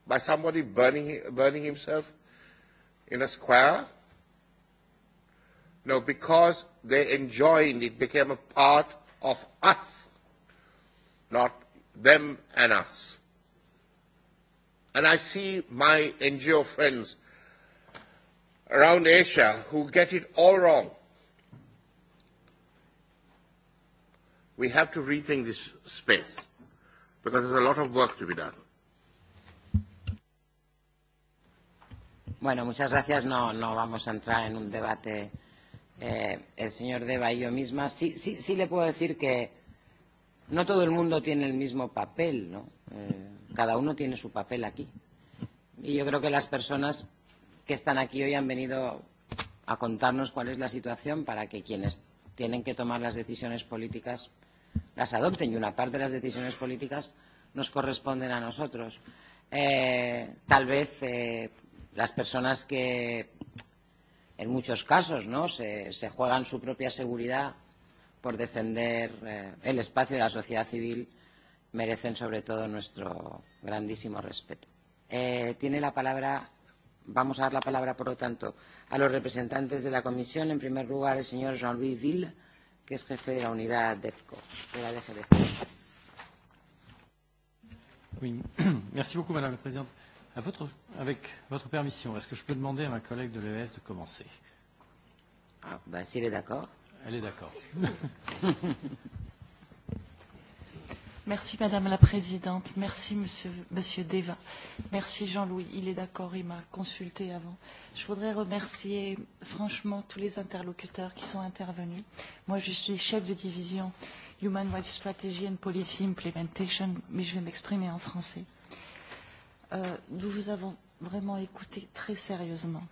Speaker 2: by somebody burning burning himself in a square? No, because they enjoyed it became a part of us, not them and us. And I see my NGO friends around Asia who get it all wrong. We have to rethink this space because there's a lot of work to be done.
Speaker 1: Bueno, muchas gracias. No, no vamos a entrar en un debate. Eh, el señor Deva y yo misma. Sí, sí, sí le puedo decir que no todo el mundo tiene el mismo papel, ¿no? Eh, cada uno tiene su papel aquí. Y yo creo que las personas que están aquí hoy han venido a contarnos cuál es la situación para que quienes tienen que tomar las decisiones políticas las adopten y una parte de las decisiones políticas nos corresponden a nosotros. Eh, tal vez eh, las personas que en muchos casos no se, juegan su propia seguridad por defender el espacio de la sociedad civil merecen sobre todo nuestro grandísimo respeto. Eh, tiene la palabra, vamos a dar la palabra por lo tanto a los representantes de la comisión. En primer lugar el señor Jean-Louis Ville, que es jefe de la unidad DEFCO,
Speaker 10: de la DGDF. Oui. Merci beaucoup, Madame la Présidente avec votre permission, est-ce que je peux demander à ma collègue de l'ES de commencer
Speaker 1: ah, ben, S'il est d'accord. Elle est d'accord.
Speaker 11: Merci Madame la Présidente, merci Monsieur, Monsieur Deva, merci Jean-Louis, il est d'accord, il m'a consulté avant. Je voudrais remercier franchement tous les interlocuteurs qui sont intervenus. Moi je suis chef de division Human Rights Strategy and Policy Implementation, mais je vais m'exprimer en français nous vous avons vraiment écouté très sérieusement.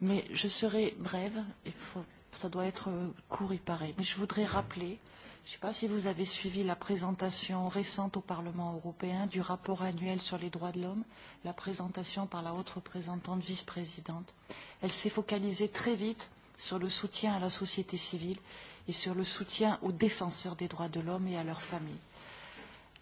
Speaker 11: Mais je serai brève, il faut, ça doit être court et pareil. Mais je voudrais rappeler, je ne sais pas si vous avez suivi la présentation récente au Parlement européen du rapport annuel sur les droits de l'homme, la présentation par la haute représentante vice-présidente. Elle s'est focalisée très vite sur le soutien à la société civile et sur le soutien aux défenseurs des droits de l'homme et à leurs familles.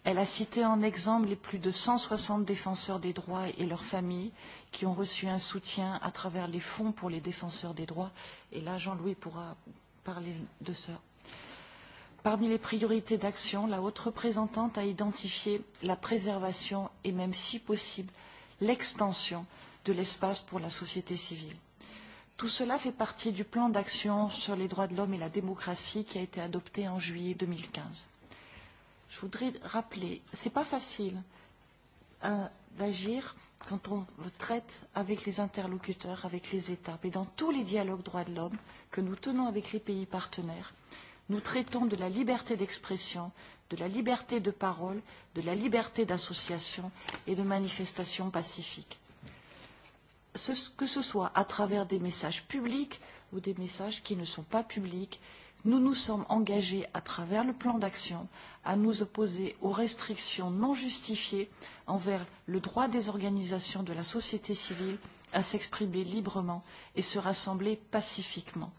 Speaker 11: Elle a cité en exemple les plus de 160 défenseurs des droits et leurs familles qui ont reçu un soutien à travers les fonds pour les défenseurs des droits. Et là, Jean-Louis pourra parler de ça. Parmi les priorités d'action, la haute représentante a identifié la préservation et même, si possible, l'extension de l'espace pour la société civile. Tout cela fait partie du plan d'action sur les droits de l'homme et la démocratie qui a été adopté en juillet 2015 je voudrais rappeler, ce n'est pas facile d'agir quand on traite avec les interlocuteurs, avec les États. Et dans tous les dialogues droits de l'homme que nous tenons avec les pays partenaires, nous traitons de la liberté d'expression, de la liberté de parole, de la liberté d'association et de manifestation pacifique. Que ce soit à travers des messages publics ou des messages qui ne sont pas publics, nous nous sommes engagés à travers le plan d'action à nous opposer aux restrictions non justifiées envers le droit des organisations de la société civile à s'exprimer librement et se rassembler pacifiquement.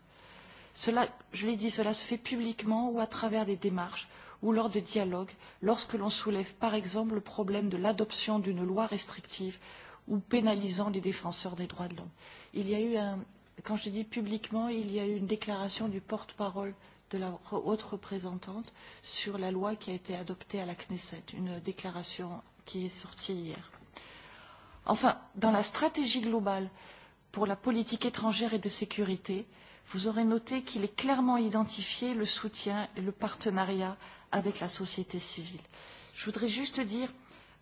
Speaker 11: Cela, je l'ai dit, cela se fait publiquement ou à travers des démarches ou lors de dialogues, lorsque l'on soulève par exemple le problème de l'adoption d'une loi restrictive ou pénalisant les défenseurs des droits de l'homme. Il y a eu, quand je dis publiquement, il y a eu une déclaration du porte-parole de la haute représentante sur la loi qui a été adoptée à la Knesset, une déclaration qui est sortie hier. Enfin, dans la stratégie globale pour la politique étrangère et de sécurité, vous aurez noté qu'il est clairement identifié le soutien et le partenariat avec la société civile. Je voudrais juste dire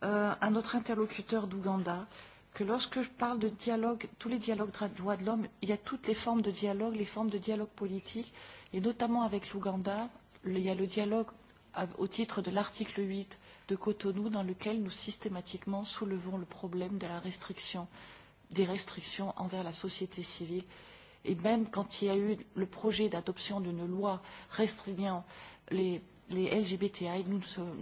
Speaker 11: à notre interlocuteur d'Ouganda que lorsque je parle de dialogue, tous les dialogues droits de l'homme, il y a toutes les formes de dialogue, les formes de dialogue politique, Et notamment avec l'Ouganda, il y a le dialogue au titre de l'article 8 de Cotonou dans lequel nous systématiquement soulevons le problème de la restriction, des restrictions envers la société civile. Et même quand il y a eu le projet d'adoption d'une loi restreignant les, LGBTI,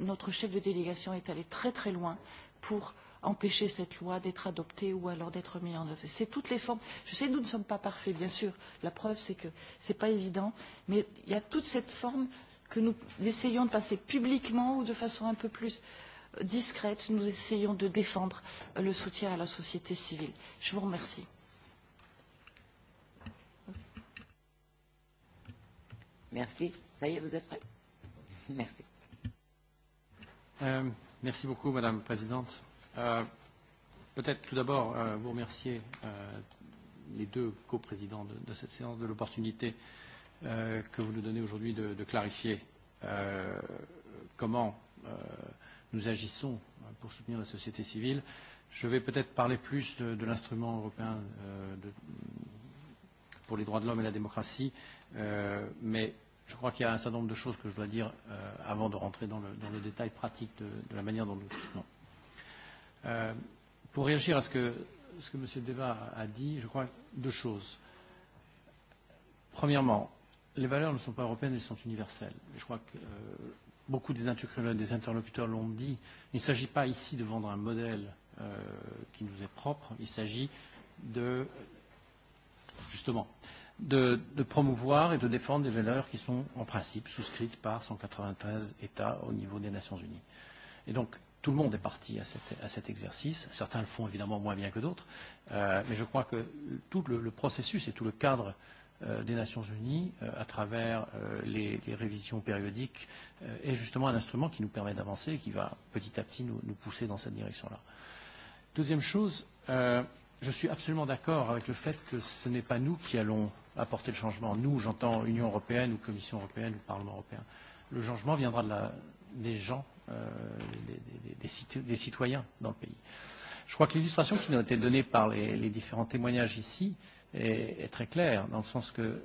Speaker 11: notre chef de délégation est allé très très loin pour empêcher cette loi d'être adoptée ou alors d'être mise en œuvre. C'est toutes les formes. Je sais que nous ne sommes pas parfaits, bien sûr. La preuve, c'est que ce n'est pas évident. Mais il y a toute cette forme que nous essayons de passer publiquement ou de façon un peu plus discrète. Nous essayons de défendre le soutien à la société civile. Je vous remercie. Merci. Ça y est, vous êtes prêts
Speaker 1: Merci.
Speaker 10: Merci beaucoup, Madame la Présidente. Peut-être tout d'abord vous remercier les deux coprésidents de cette séance de l'opportunité que vous nous donnez aujourd'hui de clarifier comment nous agissons pour soutenir la société civile. Je vais peut-être parler plus de l'instrument européen pour les droits de l'homme et la démocratie, mais je crois qu'il y a un certain nombre de choses que je dois dire avant de rentrer dans le détail pratique de la manière dont nous soutenons. Pour réagir à ce que ce que M. Deva a dit, je crois deux choses. Premièrement, les valeurs ne sont pas européennes, elles sont universelles. Je crois que beaucoup des interlocuteurs l'ont dit. Il ne s'agit pas ici de vendre un modèle qui nous est propre. Il s'agit de, justement, de promouvoir et de défendre des valeurs qui sont en principe souscrites par 193 États au niveau des Nations Unies. Et donc, tout le monde est parti à, à cet exercice. Certains le font évidemment moins bien que d'autres, euh, mais je crois que tout le, le processus et tout le cadre euh, des Nations Unies, à travers les, les révisions périodiques, est justement un instrument qui nous permet d'avancer et qui va petit à petit nous, nous pousser dans cette direction-là. Deuxième chose, euh, je suis absolument d'accord avec le fait que ce n'est pas nous qui allons apporter le changement. Nous, j'entends Union européenne ou Commission européenne ou Parlement européen. Le changement viendra de la, des gens des citoyens dans le pays. Je crois que l'illustration qui nous a été donnée par les différents témoignages ici est très claire, dans le sens que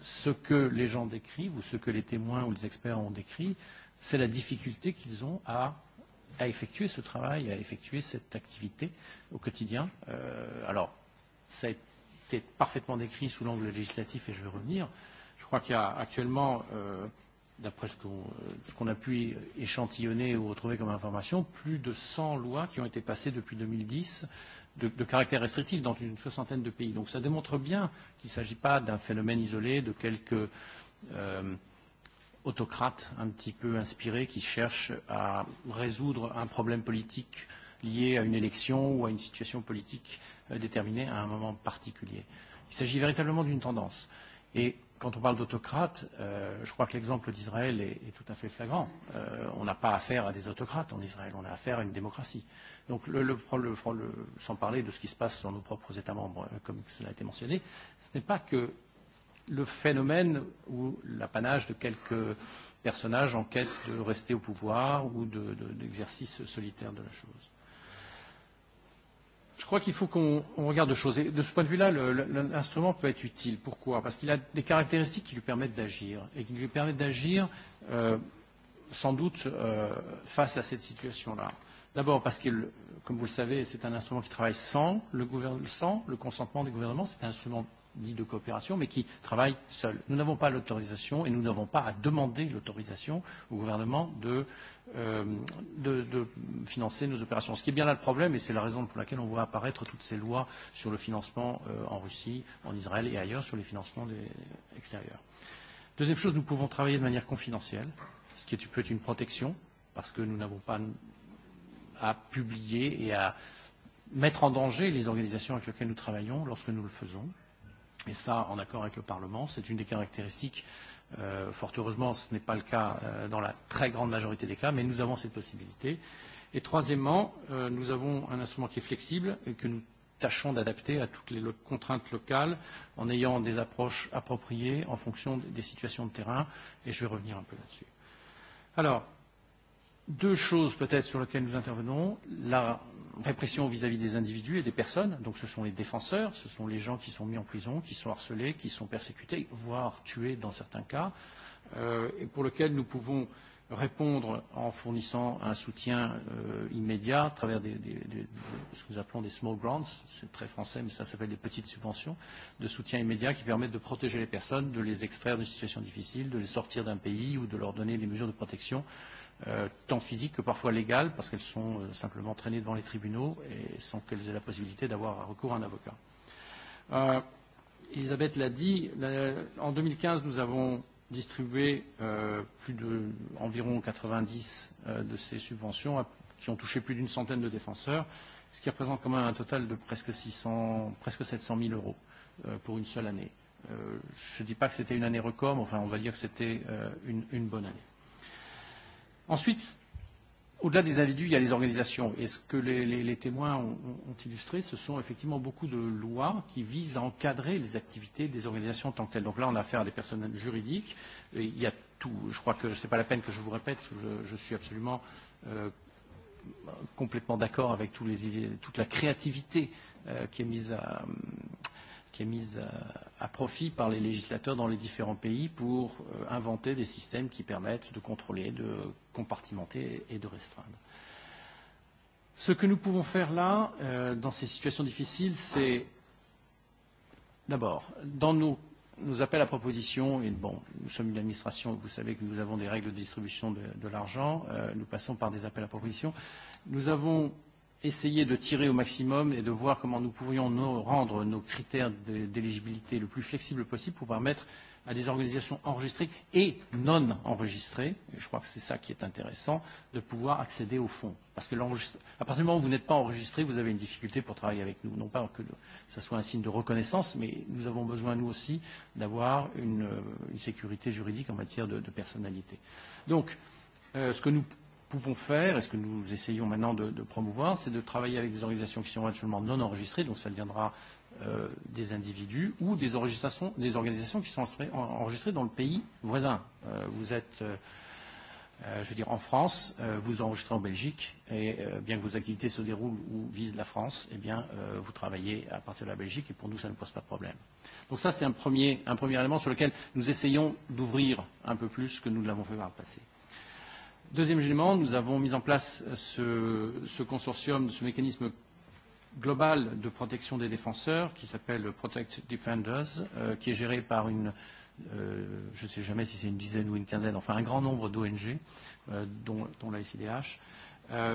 Speaker 10: ce que les gens décrivent, ou ce que les témoins ou les experts ont décrit, c'est la difficulté qu'ils ont à effectuer ce travail, à effectuer cette activité au quotidien. Alors, ça a été parfaitement décrit sous l'angle législatif, et je vais revenir. Je crois qu'il y a actuellement d'après ce qu'on a pu échantillonner ou retrouver comme information, plus de 100 lois qui ont été passées depuis 2010 de caractère restrictif dans une soixantaine de pays. Donc ça démontre bien qu'il ne s'agit pas d'un phénomène isolé de quelques autocrates un petit peu inspirés qui cherchent à résoudre un problème politique lié à une élection ou à une situation politique déterminée à un moment particulier. Il s'agit véritablement d'une tendance. Et quand on parle d'autocrates, je crois que l'exemple d'Israël est, tout à fait flagrant. on n'a pas affaire à des autocrates en Israël, on a affaire à une démocratie. Donc, le, le, sans parler de ce qui se passe dans nos propres États membres, comme cela a été mentionné, ce n'est pas que le phénomène ou l'apanage de quelques personnages en quête de rester au pouvoir ou d'exercice solitaire de la chose. Je crois qu'il faut qu'on regarde deux choses. Et de ce point de vue-là, l'instrument peut être utile. Pourquoi Parce qu'il a des caractéristiques qui lui permettent d'agir. Et qui lui permettent d'agir, sans doute, face à cette situation-là. D'abord parce que, comme vous le savez, c'est un instrument qui travaille sans le, sans le consentement des gouvernements. C'est un instrument dit de coopération, mais qui travaille seul. Nous n'avons pas l'autorisation et nous n'avons pas à demander l'autorisation au gouvernement de de financer nos opérations. Ce qui est bien là le problème, et c'est la raison pour laquelle on voit apparaître toutes ces lois sur le financement en Russie, en Israël et ailleurs, sur les financements extérieurs. Deuxième chose, nous pouvons travailler de manière confidentielle, ce qui peut être une protection, parce que nous n'avons pas à publier et à mettre en danger les organisations avec lesquelles nous travaillons lorsque nous le faisons. Et ça, en accord avec le Parlement, c'est une des caractéristiques Fort heureusement, ce n'est pas le cas dans la très grande majorité des cas, mais nous avons cette possibilité. Et troisièmement, nous avons un instrument qui est flexible et que nous tâchons d'adapter à toutes les contraintes locales en ayant des approches appropriées en fonction des situations de terrain. Et je vais revenir un peu là-dessus. Alors, deux choses peut-être sur lesquelles nous intervenons. La répression vis-à-vis des individus et des personnes. Donc ce sont les défenseurs, ce sont les gens qui sont mis en prison, qui sont harcelés, qui sont persécutés, voire tués dans certains cas, et pour lesquels nous pouvons répondre en fournissant un soutien immédiat à travers des, ce que nous appelons des small grants, c'est très français, mais ça s'appelle des petites subventions, de soutien immédiat qui permettent de protéger les personnes, de les extraire d'une situation difficile, de les sortir d'un pays ou de leur donner des mesures de protection tant physique que parfois légales, parce qu'elles sont simplement traînées devant les tribunaux et sans qu'elles aient la possibilité d'avoir recours à un avocat. Elisabeth l'a dit, en 2015, nous avons distribué plus de environ 90 de ces subventions qui ont touché plus d'une centaine de défenseurs, ce qui représente quand même un total de presque 600, presque 700 000 euros pour une seule année. Je ne dis pas que c'était une année record, mais enfin, on va dire que c'était une bonne année. Ensuite, au-delà des individus, il y a les organisations. Et ce que les témoins ont illustré, ce sont effectivement beaucoup de lois qui visent à encadrer les activités des organisations en tant que telles. Donc là, on a affaire à des personnes juridiques. Il y a tout. Je crois que ce n'est pas la peine que je vous répète. Je suis absolument complètement d'accord avec tous les toute la créativité qui est mise à qui est mise à profit par les législateurs dans les différents pays pour inventer des systèmes qui permettent de contrôler, de compartimenter et de restreindre. Ce que nous pouvons faire là, dans ces situations difficiles, c'est d'abord, dans nos appels à proposition, et bon, nous sommes une administration, vous savez que nous avons des règles de distribution de l'argent, nous passons par des appels à proposition. Nous avons essayer de tirer au maximum et de voir comment nous pourrions rendre nos critères d'éligibilité le plus flexible possible pour permettre à des organisations enregistrées et non enregistrées, je crois que c'est ça qui est intéressant, de pouvoir accéder aux fonds. Parce que à partir du moment où vous n'êtes pas enregistré, vous avez une difficulté pour travailler avec nous. Non pas que ce soit un signe de reconnaissance, mais nous avons besoin, nous aussi, d'avoir une, une sécurité juridique en matière de, de personnalité. Donc, ce que nous pouvons faire, et ce que nous essayons maintenant de promouvoir, c'est de travailler avec des organisations qui sont actuellement non enregistrées, donc ça deviendra des individus ou des organisations, des organisations qui sont enregistrées dans le pays voisin. Vous êtes, je veux dire, en France, vous enregistrez en Belgique, et bien que vos activités se déroulent ou visent la France, eh bien, vous travaillez à partir de la Belgique, et pour nous, ça ne pose pas de problème. Donc ça, c'est un premier, un premier élément sur lequel nous essayons d'ouvrir un peu plus que nous ne l'avons fait par le passé. Deuxième élément, nous avons mis en place ce, ce consortium, ce mécanisme global de protection des défenseurs qui s'appelle Protect Defenders, qui est géré par une, je ne sais jamais si c'est une dizaine ou une quinzaine, enfin un grand nombre d'ONG, dont, dont la FIDH,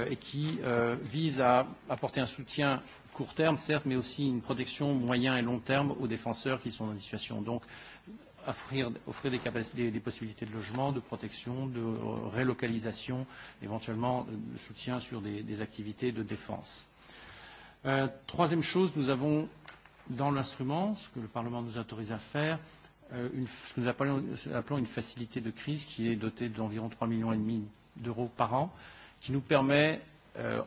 Speaker 10: et qui vise à apporter un soutien court terme, certes, mais aussi une protection moyen et long terme aux défenseurs qui sont en situation. Donc, offrir des capacités, des possibilités de logement, de protection, de relocalisation, éventuellement de soutien sur des activités de défense. Troisième chose, nous avons dans l'instrument, ce que le Parlement nous autorise à faire, ce que nous appelons une facilité de crise qui est dotée d'environ 3,5 millions d'euros par an, qui nous permet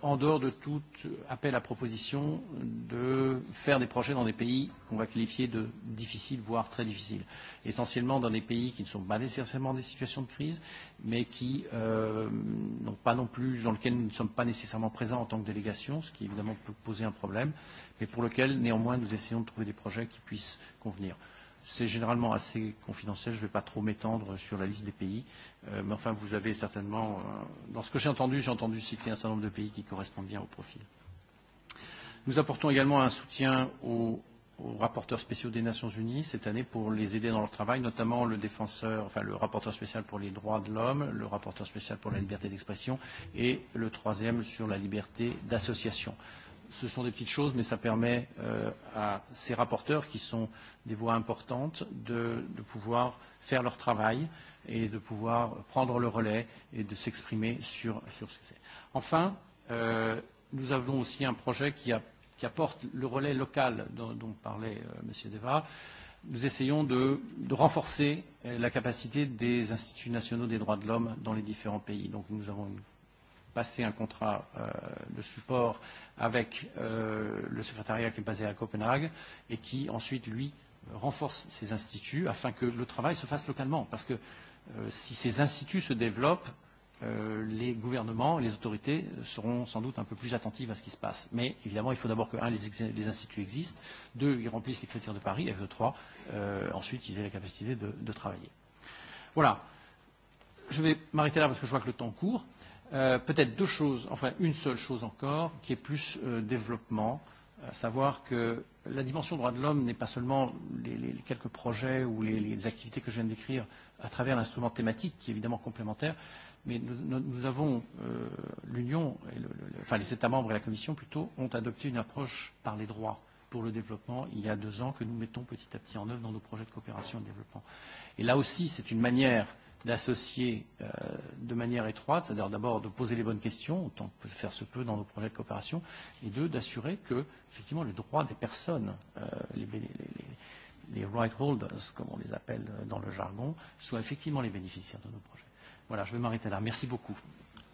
Speaker 10: en dehors de tout appel à proposition de faire des projets dans des pays qu'on va qualifier de difficiles, voire très difficiles. Essentiellement dans des pays qui ne sont pas nécessairement dans des situations de crise, mais qui n'ont pas non plus, dans lesquels nous ne sommes pas nécessairement présents en tant que délégation, ce qui évidemment peut poser un problème, mais pour lequel néanmoins nous essayons de trouver des projets qui puissent convenir. C'est généralement assez confidentiel, je ne vais pas trop m'étendre sur la liste des pays, mais enfin vous avez certainement, dans ce que j'ai entendu, j'ai entendu citer un certain nombre de pays qui correspondent bien au profil. Nous apportons également un soutien aux aux rapporteurs spéciaux des Nations Unies cette année pour les aider dans leur travail, notamment le défenseur, enfin le rapporteur spécial pour les droits de l'homme, le rapporteur spécial pour la liberté d'expression et le troisième sur la liberté d'association ce sont des petites choses, mais ça permet à ces rapporteurs, qui sont des voix importantes, de pouvoir faire leur travail et de pouvoir prendre le relais et de s'exprimer sur ce que c'est. Enfin, nous avons aussi un projet qui apporte le relais local dont parlait M. Deva. Nous essayons de renforcer la capacité des instituts nationaux des droits de l'homme dans les différents pays. Donc nous avons une passer un contrat de support avec le secrétariat qui est basé à Copenhague et qui ensuite, lui, renforce ces instituts afin que le travail se fasse localement. Parce que si ces instituts se développent, les gouvernements et les autorités seront sans doute un peu plus attentives à ce qui se passe. Mais évidemment, il faut d'abord que, un, les instituts existent, deux, ils remplissent les critères de Paris, et que, trois, ensuite, ils aient la capacité de travailler. Voilà. Je vais m'arrêter là parce que je vois que le temps court. Peut-être deux choses, enfin une seule chose encore, qui est plus développement, à savoir que la dimension droits de l'homme n'est pas seulement les quelques projets ou les activités que je viens de décrire à travers l'instrument thématique, qui est évidemment complémentaire, mais nous avons, l'Union, enfin les États membres et la Commission plutôt, ont adopté une approche par les droits pour le développement il y a deux ans que nous mettons petit à petit en œuvre dans nos projets de coopération et de développement. Et là aussi, c'est une manière d'associer de manière étroite, c'est-à-dire d'abord de poser les bonnes questions, autant que faire se peut dans nos projets de coopération, et deux, d'assurer que, effectivement, les droits des personnes, les, les, les right holders, comme on les appelle dans le jargon, soient effectivement les bénéficiaires de nos projets. Voilà, je vais m'arrêter là. Merci beaucoup.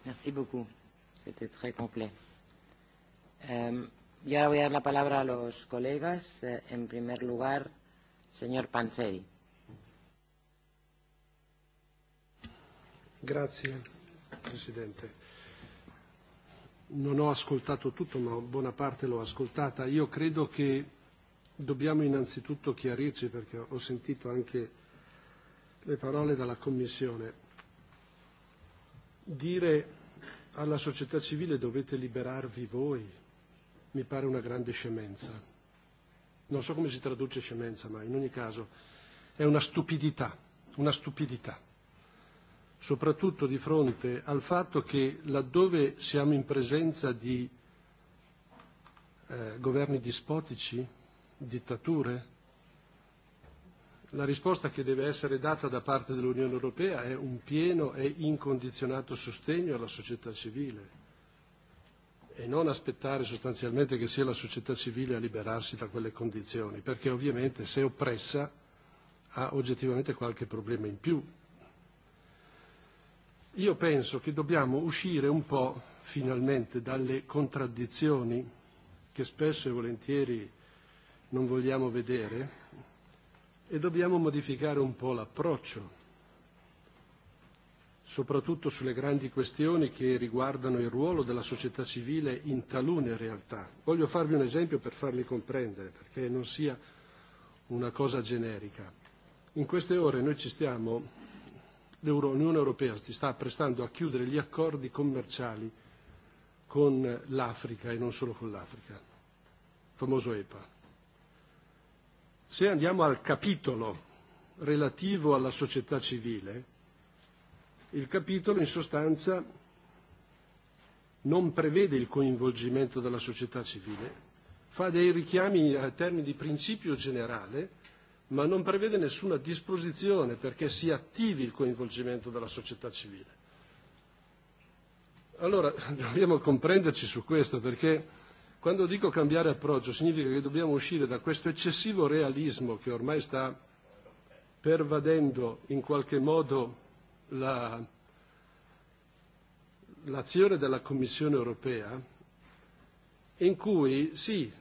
Speaker 1: Merci beaucoup.
Speaker 10: C'était très complet.
Speaker 1: Euh, y ahora voy a la palabra a los colegas. En primer lugar, señor Panseri.
Speaker 12: Grazie Presidente. Non ho ascoltato tutto, ma buona parte l'ho ascoltata. Io credo che dobbiamo innanzitutto chiarirci, perché ho sentito anche le parole dalla Commissione. Dire alla società civile dovete liberarvi voi mi pare una grande scemenza. Non so come si traduce scemenza, ma in ogni caso è una stupidità, una stupidità soprattutto di fronte al fatto che laddove siamo in presenza di governi dispotici, dittature, la risposta che deve essere data da parte dell'Unione Europea è un pieno e incondizionato sostegno alla società civile e non aspettare sostanzialmente che sia la società civile a liberarsi da quelle condizioni, perché ovviamente se oppressa ha oggettivamente qualche problema in più io penso che dobbiamo uscire un po' finalmente dalle contraddizioni che spesso e volentieri non vogliamo vedere e dobbiamo modificare un po' l'approccio, soprattutto sulle grandi questioni che riguardano il ruolo della società civile in talune realtà. Voglio farvi un esempio per farli comprendere, perché non sia una cosa generica. In queste ore noi ci stiamo l'Unione Europea si sta prestando a chiudere gli accordi commerciali con l'Africa e non solo con l'Africa, famoso EPA. Se andiamo al capitolo relativo alla società civile, il capitolo in sostanza non prevede il coinvolgimento della società civile, fa dei richiami a termini di principio generale ma non prevede nessuna disposizione perché si attivi il coinvolgimento della società civile. Allora dobbiamo comprenderci su questo perché quando dico cambiare approccio significa che dobbiamo uscire da questo eccessivo realismo che ormai sta pervadendo in qualche modo la l'azione della Commissione europea in cui sì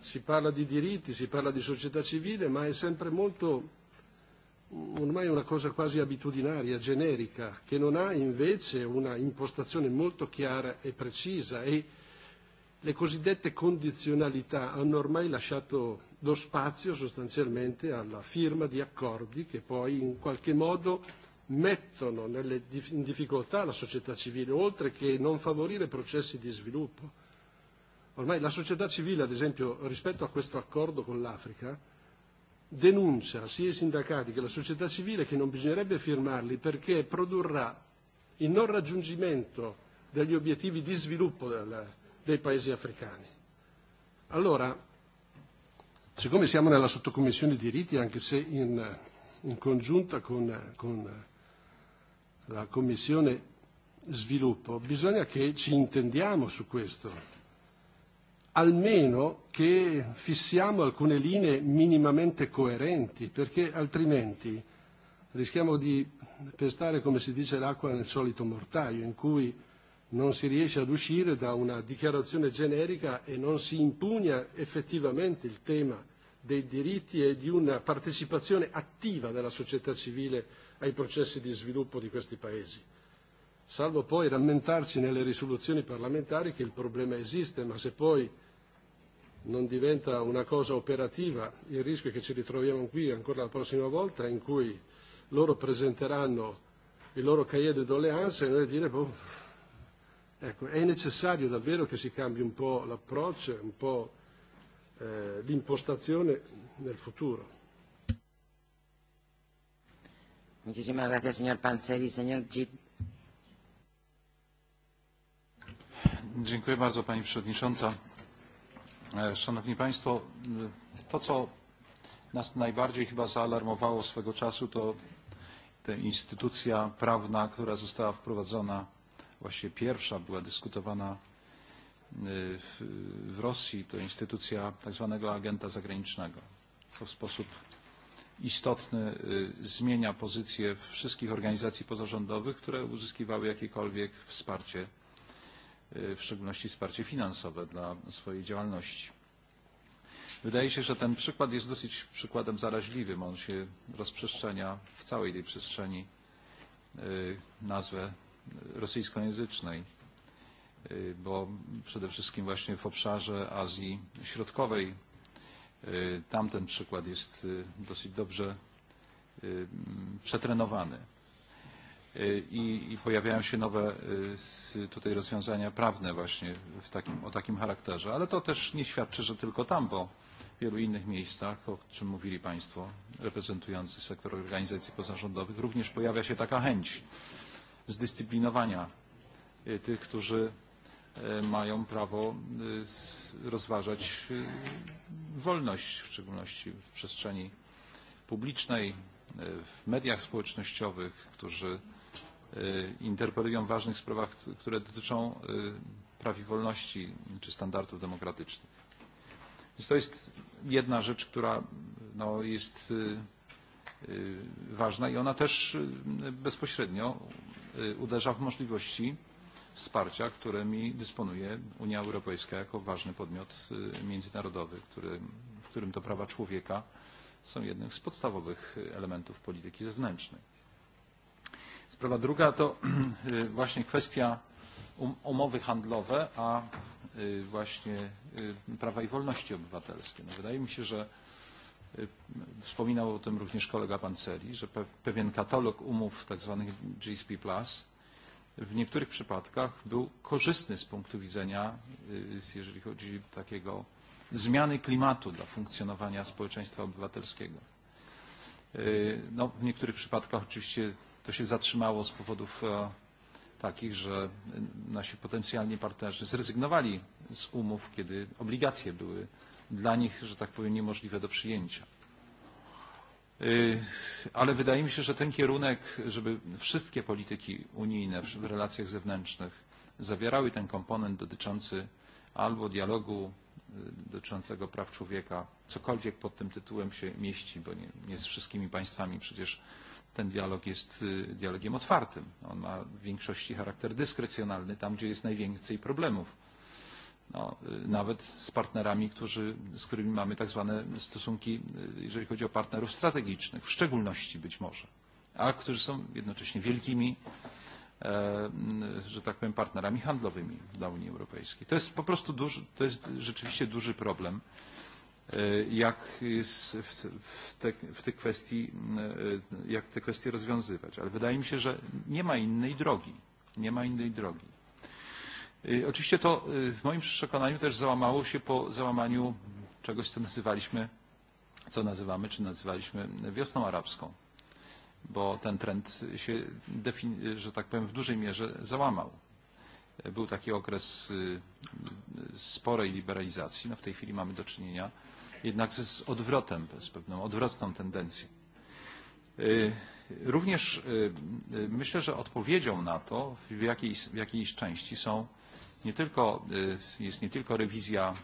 Speaker 12: si parla di diritti, si parla di società civile, ma è sempre molto ormai una cosa quasi abitudinaria, generica, che non ha invece una impostazione molto chiara e precisa e le cosiddette condizionalità hanno ormai lasciato lo spazio sostanzialmente alla firma di accordi che poi in qualche modo mettono in difficoltà la società civile, oltre che non favorire processi di sviluppo. Ormai la società civile, ad esempio, rispetto a questo accordo con l'Africa, denuncia sia i sindacati che la società civile che non bisognerebbe firmarli perché produrrà il non raggiungimento degli obiettivi di sviluppo dei paesi africani. Allora, siccome siamo nella sottocommissione diritti, anche se in, in congiunta con, con la commissione sviluppo, bisogna che ci intendiamo su questo almeno che fissiamo alcune linee minimamente coerenti, perché altrimenti rischiamo di pestare, come si dice, l'acqua nel solito mortaio, in cui non si riesce ad uscire da una dichiarazione generica e non si impugna effettivamente il tema dei diritti e di una partecipazione attiva della società civile ai processi di sviluppo di questi paesi salvo poi rammentarci nelle risoluzioni parlamentari che il problema esiste, ma se poi non diventa una cosa operativa il rischio è che ci ritroviamo qui ancora la prossima volta in cui loro presenteranno il loro cahier de doléances e noi dire ecco, è necessario davvero che si cambi un po' l'approccio, un po' eh, l'impostazione nel futuro.
Speaker 13: Dziękuję bardzo Pani Przewodnicząca. Szanowni Państwo, to co nas najbardziej chyba zaalarmowało swego czasu to ta instytucja prawna, która została wprowadzona, właśnie pierwsza była dyskutowana w Rosji, to instytucja tak zwanego agenta zagranicznego, co w sposób istotny zmienia pozycję wszystkich organizacji pozarządowych, które uzyskiwały jakiekolwiek wsparcie w szczególności wsparcie finansowe dla swojej działalności. Wydaje się, że ten przykład jest dosyć przykładem zaraźliwym. On się rozprzestrzenia w całej tej przestrzeni nazwę rosyjskojęzycznej, bo przede wszystkim właśnie w obszarze Azji Środkowej tamten przykład jest dosyć dobrze przetrenowany i pojawiają się nowe tutaj rozwiązania prawne właśnie o takim charakterze. Ale to też nie świadczy, że tylko tam, bo w wielu innych miejscach, o czym mówili Państwo reprezentujący sektor organizacji pozarządowych, również pojawia się taka chęć zdyscyplinowania tych, którzy mają prawo rozważać wolność, w szczególności w przestrzeni publicznej, w mediach społecznościowych, którzy interpelują w ważnych sprawach, które dotyczą praw i wolności czy standardów demokratycznych. Więc to jest jedna rzecz, która no, jest ważna i ona też bezpośrednio uderza w możliwości wsparcia, którymi dysponuje Unia Europejska jako ważny podmiot międzynarodowy, który, w którym to prawa człowieka są jednym z podstawowych elementów polityki zewnętrznej. Sprawa druga to właśnie kwestia umowy handlowe, a właśnie prawa i wolności obywatelskie. Wydaje mi się, że wspominał o tym również kolega Panceri, że pewien katalog umów tak tzw. GSP+, w niektórych przypadkach był korzystny z punktu widzenia, jeżeli chodzi o takiego zmiany klimatu dla funkcjonowania społeczeństwa obywatelskiego. No, w niektórych przypadkach oczywiście to się zatrzymało z powodów takich, że nasi potencjalni partnerzy zrezygnowali z umów, kiedy obligacje były dla nich, że tak powiem, niemożliwe do przyjęcia. Ale wydaje mi się, że ten kierunek, żeby wszystkie polityki unijne w relacjach zewnętrznych zawierały ten komponent dotyczący albo dialogu dotyczącego praw człowieka, cokolwiek pod tym tytułem się mieści, bo nie z wszystkimi państwami przecież ten dialog jest dialogiem otwartym. On ma w większości charakter dyskrecjonalny, tam gdzie jest najwięcej problemów. Nawet z partnerami, z którymi mamy tak zwane stosunki, jeżeli chodzi o partnerów strategicznych, w szczególności być może, a którzy są jednocześnie wielkimi, że tak powiem, partnerami handlowymi dla Unii Europejskiej. To jest po prostu duży, to jest rzeczywiście duży problem jak w tej kwestii, jak te kwestie rozwiązywać. Ale wydaje mi się, że nie ma innej drogi. Nie ma innej drogi. Oczywiście to w moim przekonaniu też załamało się po załamaniu czegoś, co nazywaliśmy, co nazywamy, czy nazywaliśmy wiosną arabską. Bo ten trend się, że tak powiem, w dużej mierze załamał był taki okres sporej liberalizacji. No w tej chwili mamy do czynienia jednak z odwrotem, z pewną odwrotną tendencją. Również myślę, że odpowiedzią na to w jakiejś, w jakiejś części są nie tylko, jest nie tylko rewizja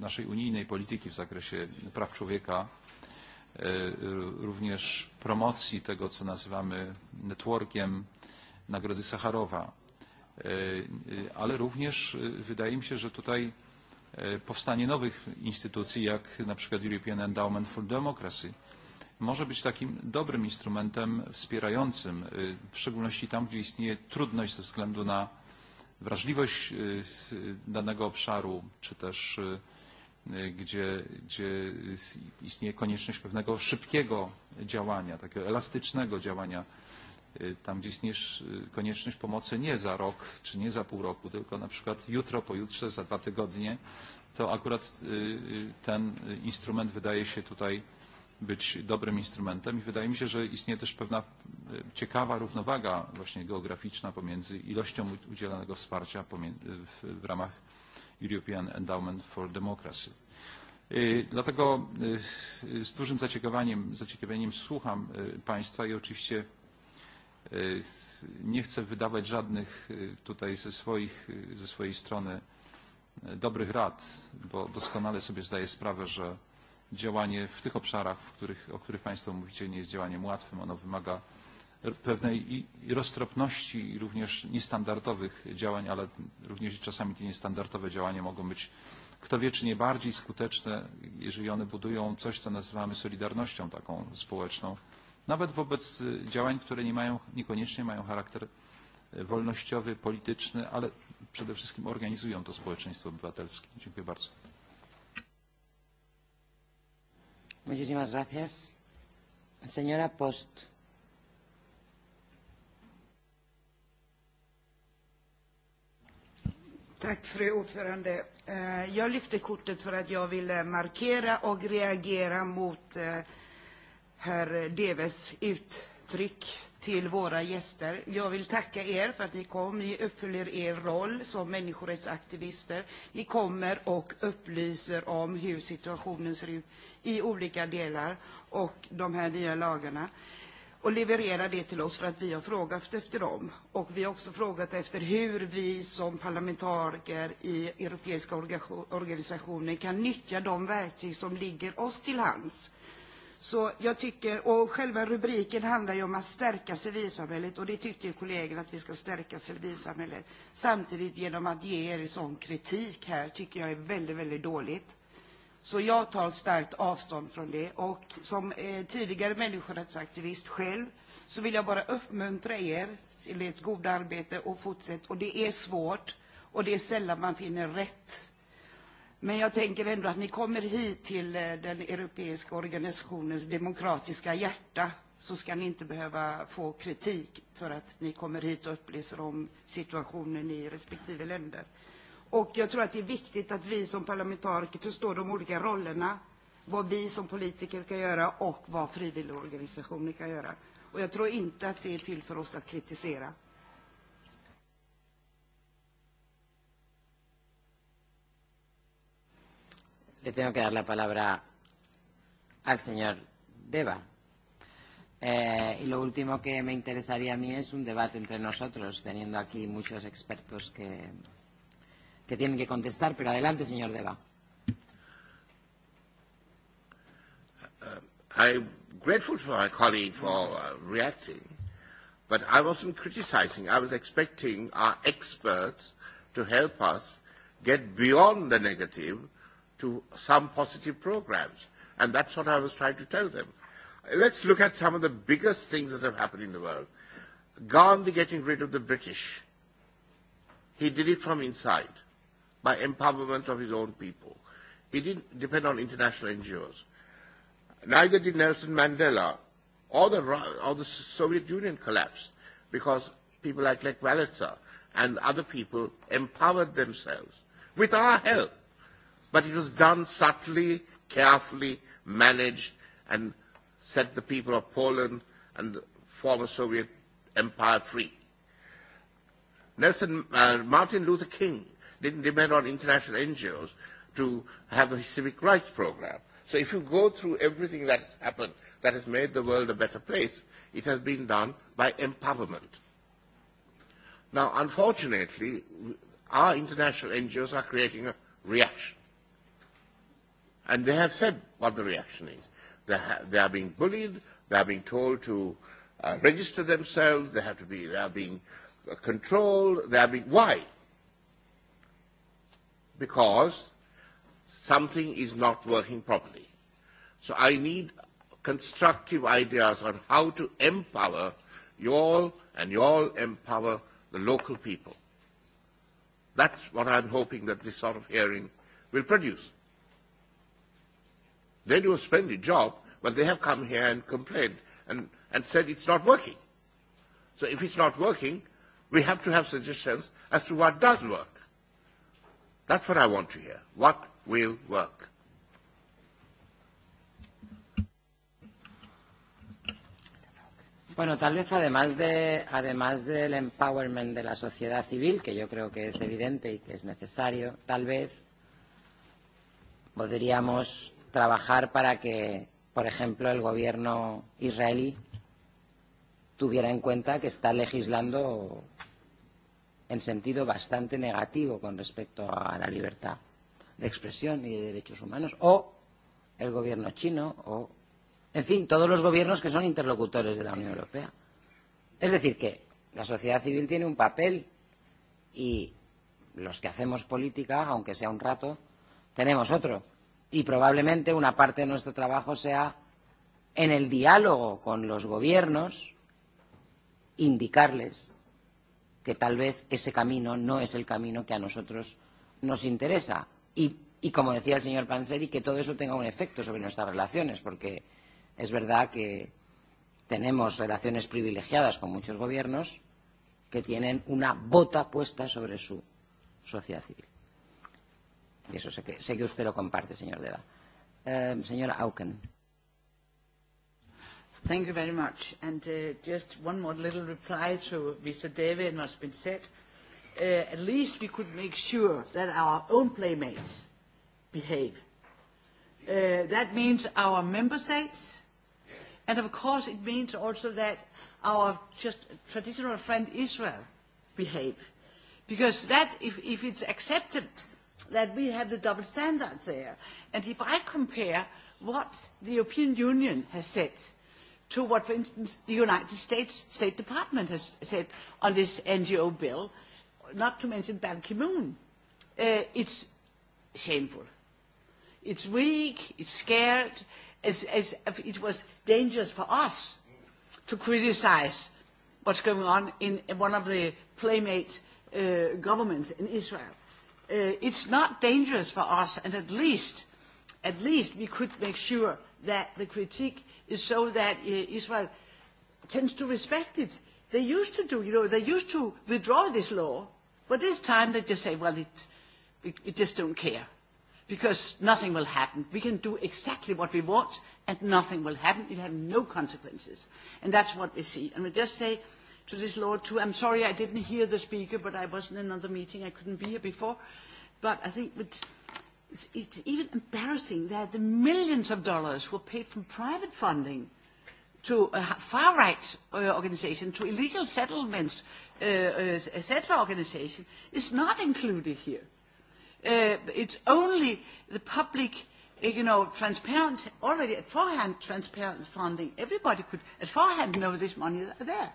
Speaker 13: naszej unijnej polityki w zakresie praw człowieka, również promocji tego, co nazywamy networkiem Nagrody Sacharowa, ale również wydaje mi się, że tutaj powstanie nowych instytucji, jak na przykład European Endowment for Democracy, może być takim dobrym instrumentem wspierającym, w szczególności tam, gdzie istnieje trudność ze względu na wrażliwość danego obszaru, czy też gdzie istnieje konieczność pewnego szybkiego działania, takiego elastycznego działania tam gdzie istnieje konieczność pomocy nie za rok czy nie za pół roku, tylko na przykład jutro, pojutrze, za dwa tygodnie, to akurat ten instrument wydaje się tutaj być dobrym instrumentem i wydaje mi się, że istnieje też pewna ciekawa równowaga właśnie geograficzna pomiędzy ilością udzielanego wsparcia w ramach European Endowment for Democracy. Dlatego z dużym zaciekawieniem słucham Państwa i oczywiście Nie chcę wydawać żadnych tutaj ze swojej strony dobrych rad, bo doskonale sobie zdaję sprawę, że działanie w tych obszarach, o których Państwo mówicie, nie jest działaniem łatwym. Ono wymaga pewnej i roztropności i również niestandardowych działań, ale również czasami te niestandardowe działania mogą być, kto wie, czy nie bardziej skuteczne, jeżeli one budują coś, co nazywamy solidarnością taką społeczną, nawet wobec działań, które nie mają, niekoniecznie mają charakter wolnościowy, polityczny, ale przede wszystkim organizują to społeczeństwo obywatelskie. Dziękuję bardzo.
Speaker 1: Muchísimas gracias. Señora Post.
Speaker 14: Tack, fru ordförande. Jag lyfte kortet för att jag ville markera och reagera mot herr Deves uttryck till våra gäster. Jag vill tacka er för att ni kom. Ni uppfyller er roll som människorättsaktivister. Ni kommer och upplyser om hur situationen ser ut i olika delar och de här nya lagarna och levererar det till oss för att vi har frågat efter dem. Och vi har också frågat efter hur vi som parlamentariker i europeiska organisationer kan nyttja de verktyg som ligger oss till hands Så jag tycker, och själva rubriken handlar ju om att stärka civilsamhället och det tycker kollegorna att vi ska stärka civilsamhället. Samtidigt genom att ge er sån kritik här tycker jag är väldigt, väldigt dåligt. Så jag tar starkt avstånd från det och som tidigare människorättsaktivist själv så vill jag bara uppmuntra er till ett goda arbete och fortsätt. Och det är svårt och det är sällan man finner rätt Men jag tänker ändå att ni kommer hit till den europeiska organisationens demokratiska hjärta så ska ni inte behöva få kritik för att ni kommer hit och upplyser om situationen i respektive länder. Och jag tror att det är viktigt att vi som parlamentariker förstår de olika rollerna, vad vi som politiker kan göra och vad frivilligorganisationer kan göra. Och jag tror inte att det är till för oss att kritisera.
Speaker 1: le tengo que dar la palabra al señor Deva. Eh, y lo último que me interesaría a mí es un debate entre nosotros, teniendo aquí muchos expertos que, que tienen que contestar. Pero adelante, señor Deva. I'm grateful to
Speaker 2: my colleague for reacting, but I wasn't criticizing. I was expecting our experts to help us get beyond the negative some positive programs. And that's what I was trying to tell them. Let's look at some of the biggest things that have happened in the world. Gandhi getting rid of the British. He did it from inside, by empowerment of his own people. He didn't depend on international NGOs. Neither did Nelson Mandela or the, or the Soviet Union collapsed because people like Lech Walesa and other people empowered themselves with our help. But it was done subtly, carefully, managed, and set the people of Poland and the former Soviet Empire free. Nelson Martin Luther King didn't depend on international NGOs to have a civic rights program. So if you go through everything that has happened that has made the world a better place, it has been done by empowerment. Now, unfortunately, our international NGOs are creating a reaction. And they have said what the reaction is. They, they are being bullied. They are being told to register themselves. They have to be. They are being controlled. They are being. Why? Because something is not working properly. So I need constructive ideas on how to empower you all and you all empower the local people. That's what I'm hoping that this sort of hearing will produce. They do a splendid job, but they have come here and complained and, and said it's not working. So if it's not working, we have to have suggestions as to what does work. That's what I want to hear. What will
Speaker 1: work? Bueno, tal vez además, de, además del empowerment de la sociedad civil, que yo creo que es evidente y que es necesario, tal vez podríamos trabajar para que, por ejemplo, el gobierno israelí tuviera en cuenta que está legislando en sentido bastante negativo con respecto a la libertad de expresión y de derechos humanos, o el gobierno chino, o, en fin, todos los gobiernos que son interlocutores de la Unión Europea. Es decir, que la sociedad civil tiene un papel y los que hacemos política, aunque sea un rato, tenemos otro y probablemente una parte de nuestro trabajo sea en el diálogo con los gobiernos indicarles que tal vez ese camino no es el camino que a nosotros nos interesa y, y como decía el señor Panseri que todo eso tenga un efecto sobre nuestras relaciones porque es verdad que tenemos relaciones privilegiadas con muchos gobiernos que tienen una bota puesta sobre su sociedad civil. Y eso sé que, sé que usted lo comparte, señor Deva. Eh, señora Auken.
Speaker 15: Thank you very much. And uh, just one more little reply to Mr. David. and what's been said. Uh, at least we could make sure that our own playmates behave. that means our member states, and of course it means also that our just traditional friend Israel behave. Because that, if, if it's accepted that we have the double standards there. And if I compare what the European Union has said to what, for instance, the United States State Department has said on this NGO bill, not to mention Ban Ki-moon, it's shameful. It's weak, it's scared, as it was dangerous for us to criticize what's going on in one of the playmate governments in Israel it's not dangerous for us, and at least, at least we could make sure that the critique is so that Israel tends to respect it. They used to do, you know, they used to withdraw this law, but this time they just say, well, it, we just don't care, because nothing will happen. We can do exactly what we want, and nothing will happen. It will have no consequences, and that's what we see. And we just say to this law too. I'm sorry I didn't hear the speaker, but I wasn't in another meeting. I couldn't be here before. But I think it's even embarrassing that the millions of dollars were paid from private funding to a far right organization, to illegal settlements, a settler organization, is not included here. It's only the public, you know, transparent, already at forehand transparent funding. Everybody could at forehand know this money is there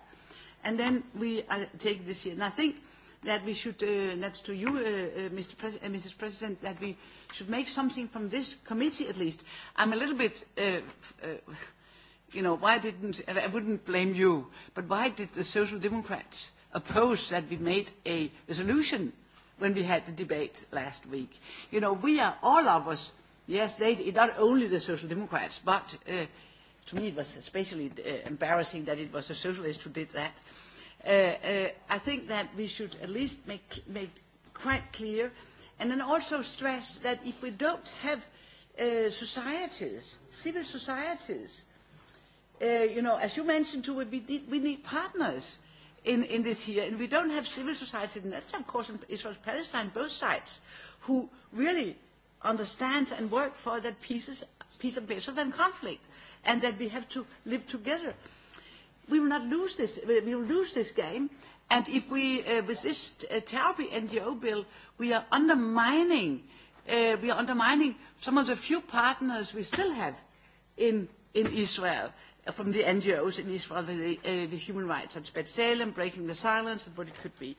Speaker 15: and then we take this year. And I think that we should, that's to you, Mrs. President, that we should make something from this committee at least. I'm a little bit, you know, why didn't, I wouldn't blame you, but why did the Social Democrats oppose that we made a resolution when we had the debate last week? You know, we are, all of us, yes, they, not only the Social Democrats, but to me it was especially embarrassing that it was a socialist who did that. I think that we should at least make, make quite clear and then also stress that if we don't have societies, civil societies, you know, as you mentioned too, we need, we need partners in, in this here. And we don't have civil society, and that's of course in Israel-Palestine, both sides, who really understand and work for that peace is, peace and better than conflict and that we have to live together. We will not lose this. We will lose this game. And if we, resist the terrible NGO bill, we are undermining, we are undermining some of the few partners we still have in in Israel, from the NGOs in Israel, the human rights at Salem, breaking the silence, and what it could be.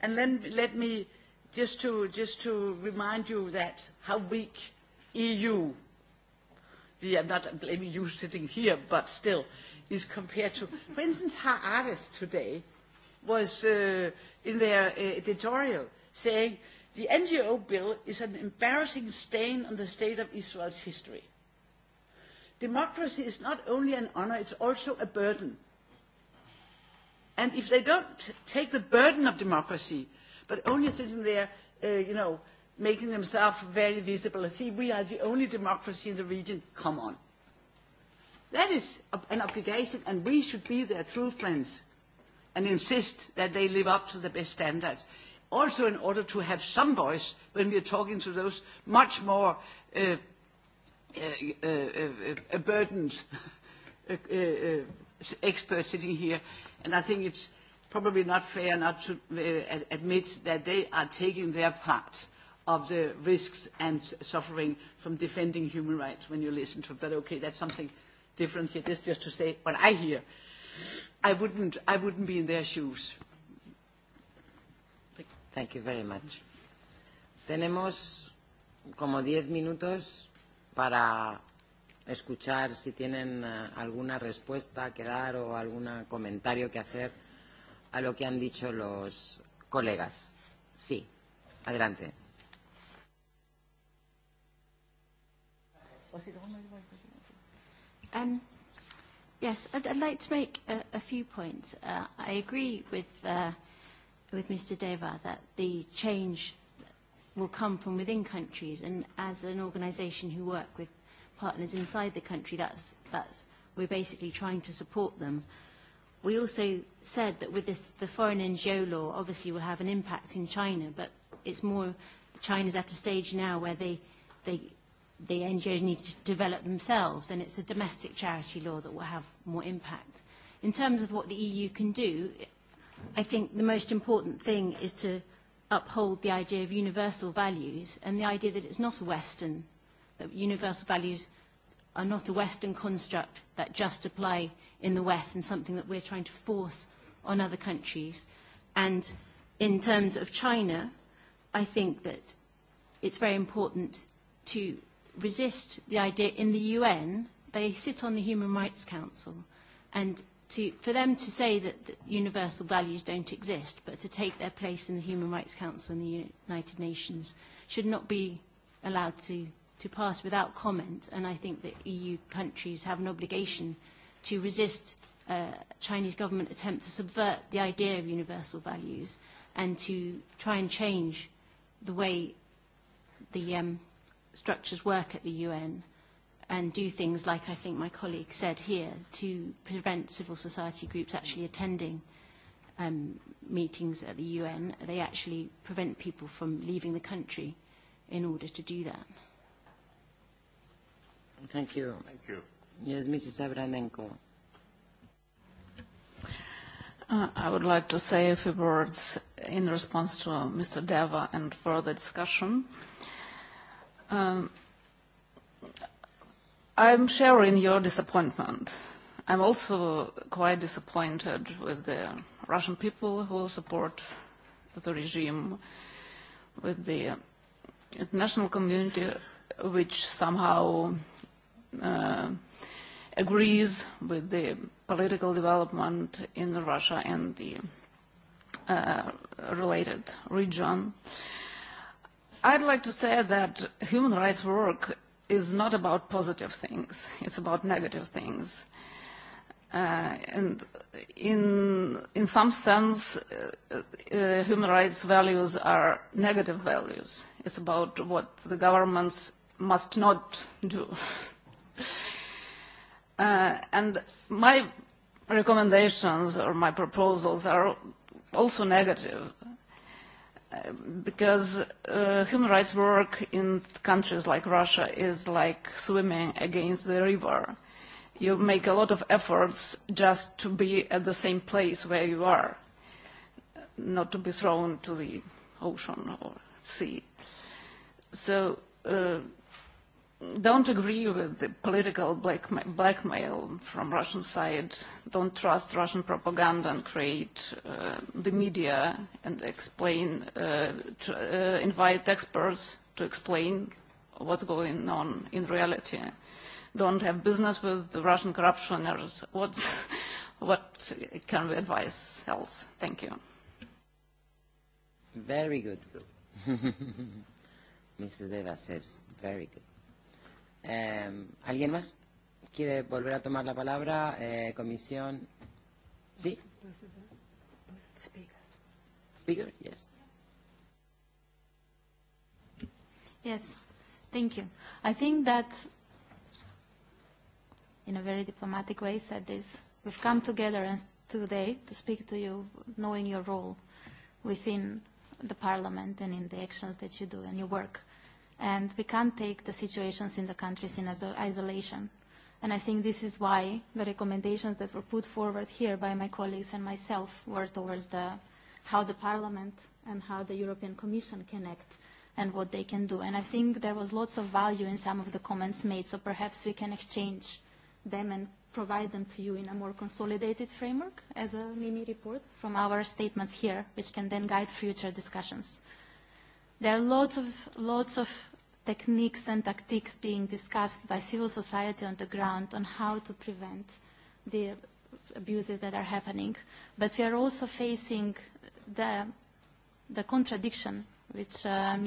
Speaker 15: And then let me just to just to remind you that how weak EU I'm not blaming you sitting here, but still, is compared to, for instance, artists today was in their editorial saying the NGO bill is an embarrassing stain on the state of Israel's history. Democracy is not only an honor, it's also a burden. And if they don't take the burden of democracy, but only sitting there, you know, making themselves very visible. See, we are the only democracy in the region. Come on. That is an obligation, and we should be their true friends and insist that they live up to the best standards. Also in order to have some voice when we are talking to those much more burdened experts sitting here. And I think it's probably not fair not to admit that they are taking their part of the risks and suffering from defending human rights when you listen to it. But okay, that's something different here. is just to say what I hear. I wouldn't, I wouldn't be in their shoes.
Speaker 1: Thank you very much. Tenemos como diez minutos para escuchar si tienen alguna respuesta que dar o algún comentario que hacer a lo que han dicho los colegas. Sí, adelante.
Speaker 4: yes, I'd, like to make a, few points. I agree with, with Mr. Deva that the change will come from within countries, and as an organization who work with partners inside the country, that's, that's, we're basically trying to support them. We also said that with this, the foreign NGO law obviously will have an impact in China, but it's more China's at a stage now where they, they the NGOs need to develop themselves, and it's a domestic charity law that will have more impact. In terms of what the EU can do, I think the most important thing is to uphold the idea of universal values and the idea that it's not a Western, that universal values are not a Western construct that just apply in the West and something that we're trying to force on other countries. And in terms of China, I think that it's very important to resist the idea in the UN, they sit on the Human Rights Council, and to, for them to say that universal values don't exist, but to take their place in the Human Rights Council in the United Nations should not be allowed to, to pass without comment, and I think that EU countries have an obligation to resist a Chinese government attempt to subvert the idea of universal values and to try and change the way the um, structures work at the UN and do things like I think my colleague said here to prevent civil society groups actually attending um, meetings at the UN. They actually prevent people from leaving the country in order to do that.
Speaker 1: Thank you. Thank you. Yes, Mrs. Avranenko.
Speaker 6: I would like to say a few words in response to Mr. Deva and further discussion. I'm sharing your disappointment. I'm also quite disappointed with the Russian people who support the regime, with the international community which somehow agrees with the political development in Russia and the related region. I'd like to say that human rights work is not about positive things. It's about negative things. And in some sense, human rights values are negative values. It's about what the governments must not do. And my recommendations or my proposals are also negative because human rights work in countries like Russia is like swimming against the river. You make a lot of efforts just to be at the same place where you are, not to be thrown to the ocean or sea. So don't agree with the political blackmail from Russian side, don't trust Russian propaganda and create the media and explain, invite experts to explain what's going on in reality, don't have business with the Russian corruptioners. what can we advise else? Thank you.
Speaker 1: Very good. Mr. Deva says very good. Eh, ¿Alguien más quiere volver a tomar la palabra? Eh, comisión. ¿Sí? Speaker,
Speaker 3: yes. Yes, thank you. I think that, in a very diplomatic way, said this. We've come together today to speak to you, knowing your role within the Parliament and in the actions that you do and your work and we can't take the situations in the countries in isolation. And I think this is why the recommendations that were put forward here by my colleagues and myself were towards the how the Parliament and how the European Commission can act and what they can do. And I think there was lots of value in some of the comments made, so perhaps we can exchange them and provide them to you in a more consolidated framework as a mini report from our statements here, which can then guide future discussions. There are lots of lots of techniques and tactics being discussed by civil society on the ground on how to prevent the abuses that are happening. But we are also facing the the contradiction, which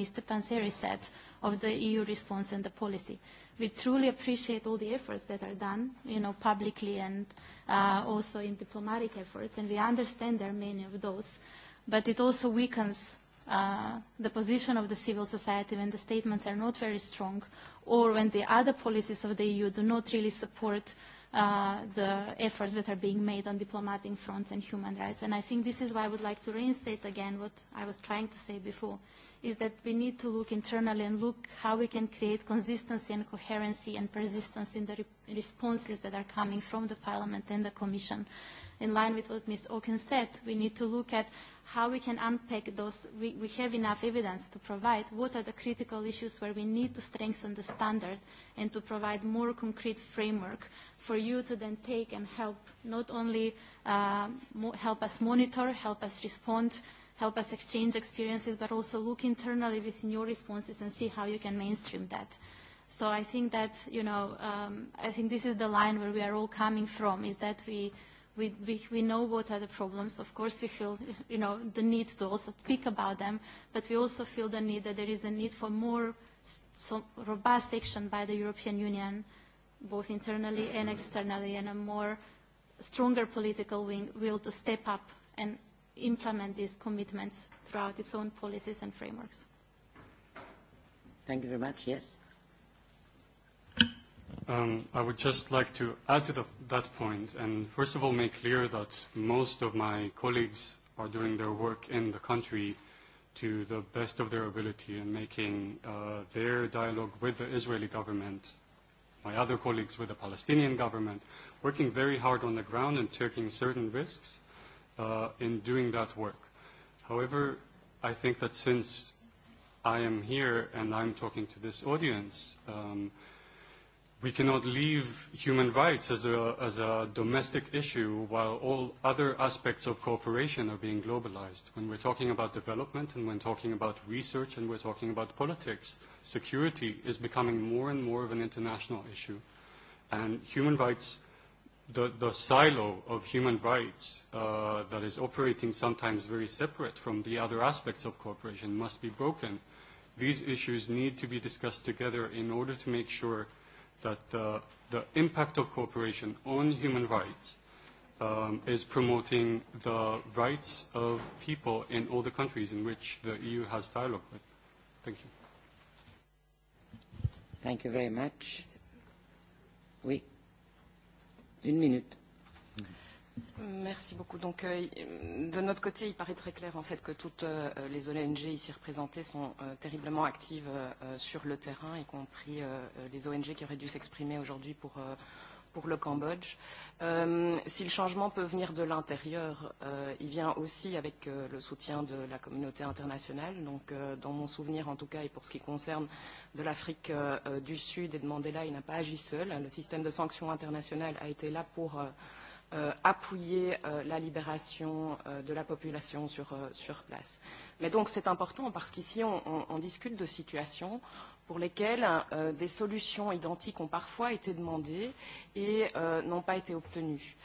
Speaker 3: Mr. Panseri said, of the EU response and the policy. We truly appreciate all the efforts that are done, you know, publicly and also in diplomatic efforts, and we understand there are many of those, but it also weakens the position of the civil society when the statements are not very strong or when the other policies of the EU do not really support the efforts that are being made on diplomatic fronts and human rights. And I think this is why I would like to reinstate again what I was trying to say before, is that we need to look internally and look how we can create consistency and coherency and persistence in the responses that are coming from the Parliament and the Commission in line with what Ms. Oken said, we need to look at how we can unpack those. We have enough evidence to provide what are the critical issues where we need to strengthen the standard and to provide more concrete framework for you to then take and help not only help us monitor, help us respond, help us exchange experiences, but also look internally within your responses and see how you can mainstream that. So I think that, you know, I think this is the line where we are all coming from, is that we We, we, know what are the problems. Of course, we feel, you know, the need to also speak about them, but we also feel the need that there is a need for more robust action by the European Union, both internally and externally, and a more stronger political will to step up and implement these commitments throughout its own policies and frameworks.
Speaker 1: Thank you very much. Yes.
Speaker 5: I would just like to add to that point and first of all make clear that most of my colleagues are doing their work in the country to the best of their ability and making their dialogue with the Israeli government, my other colleagues with the Palestinian government, working very hard on the ground and taking certain risks in doing that work. However, I think that since I am here and I'm talking to this audience, We cannot leave human rights as a domestic issue while all other aspects of cooperation are being globalized. When we're talking about development and when talking about research and we're talking about politics, security is becoming more and more of an international issue. And human rights, the silo of human rights that is operating sometimes very separate from the other aspects of cooperation must be broken. These issues need to be discussed together in order to make sure that the impact of cooperation on human rights is promoting the rights of people in all the countries in which the EU has dialogue with. Thank you.
Speaker 1: Thank you very much. Oui. Une minute.
Speaker 7: Merci beaucoup. Donc, de notre côté, il paraît très clair en fait que toutes les ONG ici représentées sont terriblement actives sur le terrain, y compris les ONG qui auraient dû s'exprimer aujourd'hui pour pour le Cambodge. Si le changement peut venir de l'intérieur, il vient aussi avec le soutien de la communauté internationale. Donc, dans mon souvenir, en tout cas, et pour ce qui concerne de l'Afrique du Sud et de Mandela, il n'a pas agi seul. Le système de sanctions internationales a été là pour appuyer la libération de la population sur place. Mais donc c'est important parce qu'ici on discute de situations pour lesquelles des solutions identiques ont parfois été demandées et n'ont pas été obtenues.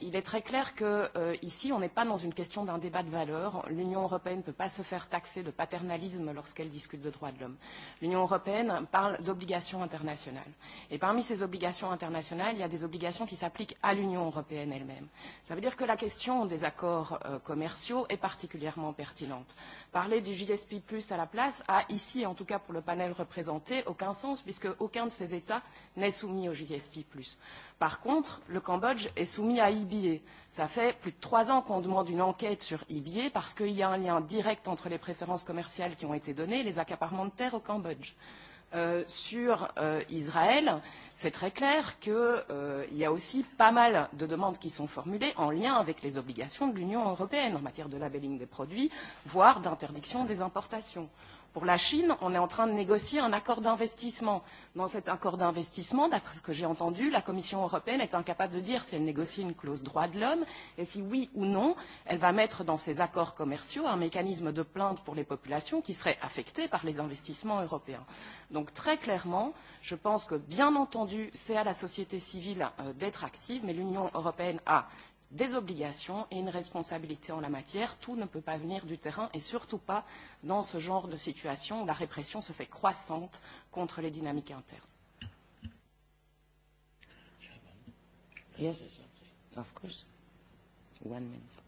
Speaker 7: Il est très clair qu'ici, on n'est pas dans une question d'un débat de valeur. L'Union européenne ne peut pas se faire taxer de paternalisme lorsqu'elle discute de droits de l'homme. L'Union européenne parle d'obligations internationales. Et parmi ces obligations internationales, il y a des obligations qui s'appliquent à l'Union européenne elle-même. Ça veut dire que la question des accords commerciaux est particulièrement pertinente. Parler du JSP+, à la place, a ici, en tout cas pour le panel représenté, aucun sens, puisque aucun de ces États n'est soumis au JSP+. Par contre, le Cambodge est soumis à IBA. Ça fait plus de trois ans qu'on demande une enquête sur IBA parce qu'il y a un lien direct entre les préférences commerciales qui ont été données et les accaparements de terre au Cambodge. Sur Israël, c'est très clair qu'il y a aussi pas mal de demandes qui sont formulées en lien avec les obligations de l'Union européenne en matière de labelling des produits, voire d'interdiction des importations. Pour la Chine, on est en train de négocier un accord d'investissement. Dans cet accord d'investissement, d'après ce que j'ai entendu, la Commission européenne est incapable de dire si elle négocie une clause droit de l'homme et si oui ou non, elle va mettre dans ses accords commerciaux un mécanisme de plainte pour les populations qui seraient affectées par les investissements européens. Donc très clairement, je pense que bien entendu, c'est à la société civile d'être active, mais l'Union européenne a des obligations et une responsabilité en la matière. Tout ne peut pas venir du terrain et surtout pas dans ce genre de situation où la répression se fait croissante contre les dynamiques internes.
Speaker 1: Yes, of course. One minute.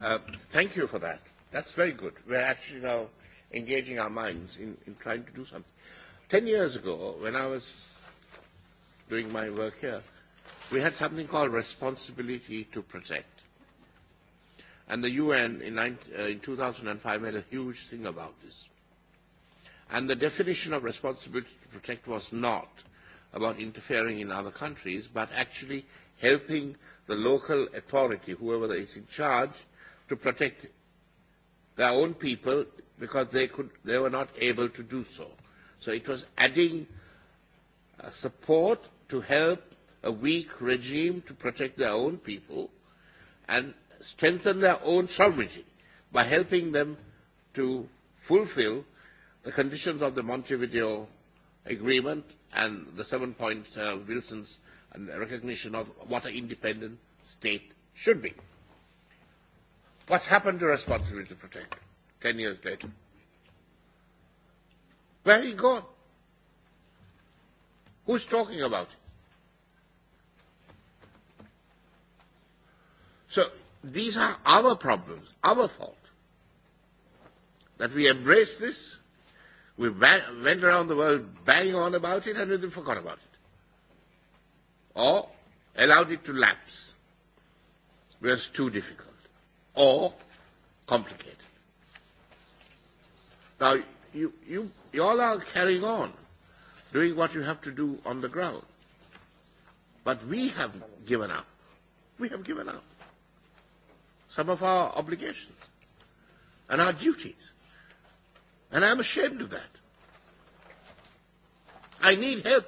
Speaker 2: Uh, thank you for that. That's very good. We're actually now engaging our minds in, in trying to do something. Ten years ago, when I was doing my work here, we had something called responsibility to protect. And the UN in 2005 made a huge thing about this. And the definition of responsibility to protect was not about interfering in other countries, but actually helping the local authority, whoever is in charge, to protect their own people because they could they were not able to do so. So it was adding support to help a weak regime to protect their own people and strengthen their own sovereignty by helping them to fulfill the conditions of the Montevideo Agreement and the seven point Wilson's and recognition of what an independent state should be. What's happened to responsibility to protect ten years later? Where are you gone? Who's talking about it? these are our problems, our fault. That we embraced this, we went around the world banging on about it and then forgot about it. Or allowed it to lapse. It was too difficult. Or complicated. Now, you, you, you all are carrying on, doing what you have to do on the ground. But we have given up. We have given up some of our obligations and our duties. And I'm ashamed of that. I need help,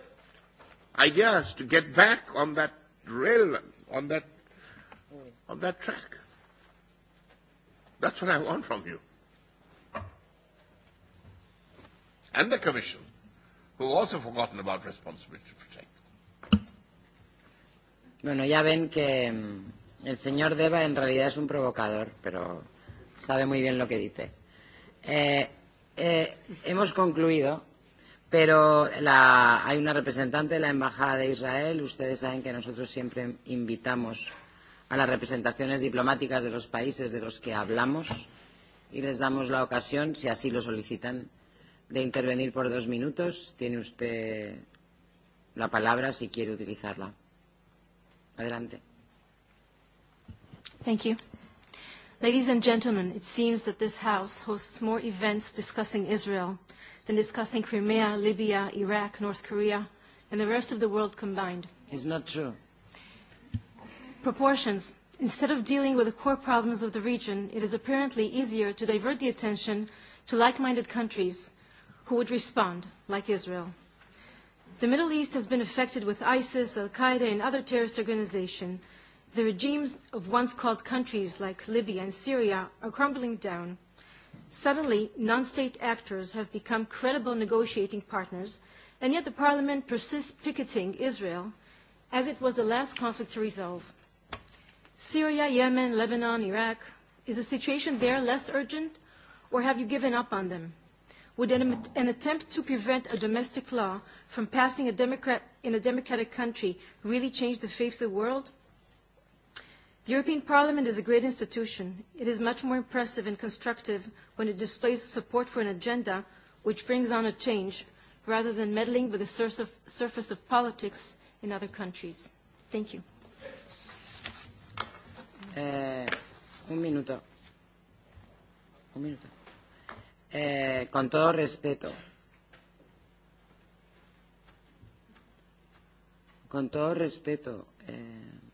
Speaker 2: ideas to get back on that rail, on that, on that track. That's what I want from you. And the Commission, who also forgotten about responsibility to protect.
Speaker 1: Bueno, ya ven que El señor Deva en realidad es un provocador, pero sabe muy bien lo que dice. Eh, eh, hemos concluido, pero la, hay una representante de la Embajada de Israel. Ustedes saben que nosotros siempre invitamos a las representaciones diplomáticas de los países de los que hablamos y les damos la ocasión, si así lo solicitan, de intervenir por dos minutos. Tiene usted la palabra si quiere utilizarla. Adelante.
Speaker 16: Thank you. Ladies and gentlemen, it seems that this House hosts more events discussing Israel than discussing Crimea, Libya, Iraq, North Korea, and the rest of the world combined.
Speaker 1: It's not true.
Speaker 16: Proportions. Instead of dealing with the core problems of the region, it is apparently easier to divert the attention to like-minded countries who would respond, like Israel. The Middle East has been affected with ISIS, Al-Qaeda, and other terrorist organizations The regimes of once called countries like Libya and Syria are crumbling down. Suddenly, non-state actors have become credible negotiating partners, and yet the parliament persists picketing Israel, as it was the last conflict to resolve. Syria, Yemen, Lebanon, Iraq, is the situation there less urgent, or have you given up on them? Would an attempt to prevent a domestic law from passing in a democratic country really change the face of the world? The European Parliament is a great institution. It is much more impressive and constructive when it displays support for an agenda which brings on a change, rather than meddling with the surface of politics in other countries. Thank you.
Speaker 1: Un minuto. Un minuto. Eh, con todo respeto. Con todo respeto. Eh,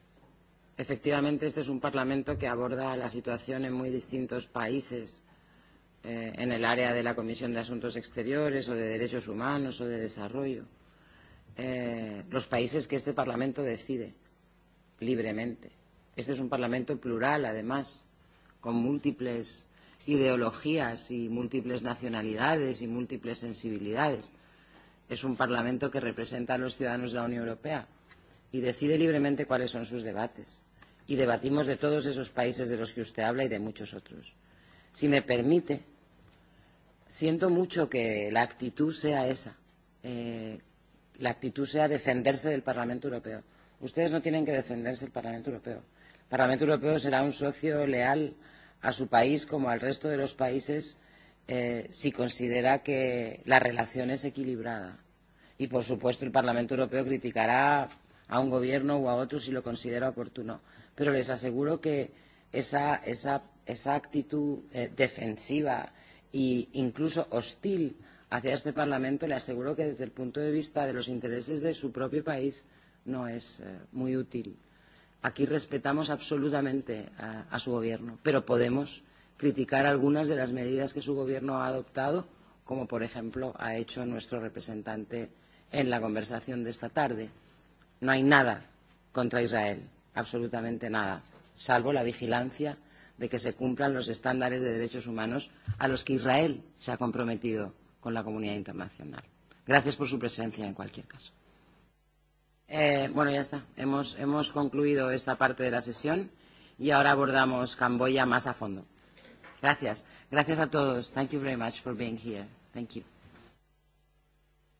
Speaker 1: Efectivamente, este es un Parlamento que aborda la situación en muy distintos países en el área de la Comisión de Asuntos Exteriores o de Derechos Humanos o de Desarrollo. Los países que este Parlamento decide libremente. Este es un Parlamento plural, además, con múltiples ideologías y múltiples nacionalidades y múltiples sensibilidades. Es un Parlamento que representa a los ciudadanos de la Unión Europea y decide libremente cuáles son sus debates y debatimos de todos esos países de los que usted habla y de muchos otros. Si me permite, siento mucho que la actitud sea esa, eh, la actitud sea defenderse del Parlamento Europeo. Ustedes no tienen que defenderse del Parlamento Europeo. El Parlamento Europeo será un socio leal a su país como al resto de los países eh, si considera que la relación es equilibrada. Y, por supuesto, el Parlamento Europeo criticará a un gobierno o a otro si lo considera oportuno pero les aseguro que esa, esa, esa actitud defensiva e incluso hostil hacia este Parlamento, le aseguro que desde el punto de vista de los intereses de su propio país no es muy útil. Aquí respetamos absolutamente a su gobierno, pero podemos criticar algunas de las medidas que su gobierno ha adoptado, como por ejemplo ha hecho nuestro representante en la conversación de esta tarde. No hay nada contra Israel absolutamente nada, salvo la vigilancia de que se cumplan los estándares de derechos humanos a los que Israel se ha comprometido con la comunidad internacional. Gracias por su presencia en cualquier caso. Eh, bueno, ya está. Hemos, hemos concluido esta parte de la sesión y ahora abordamos Camboya más a fondo. Gracias. Gracias a todos. Thank you very much for being here. Thank you.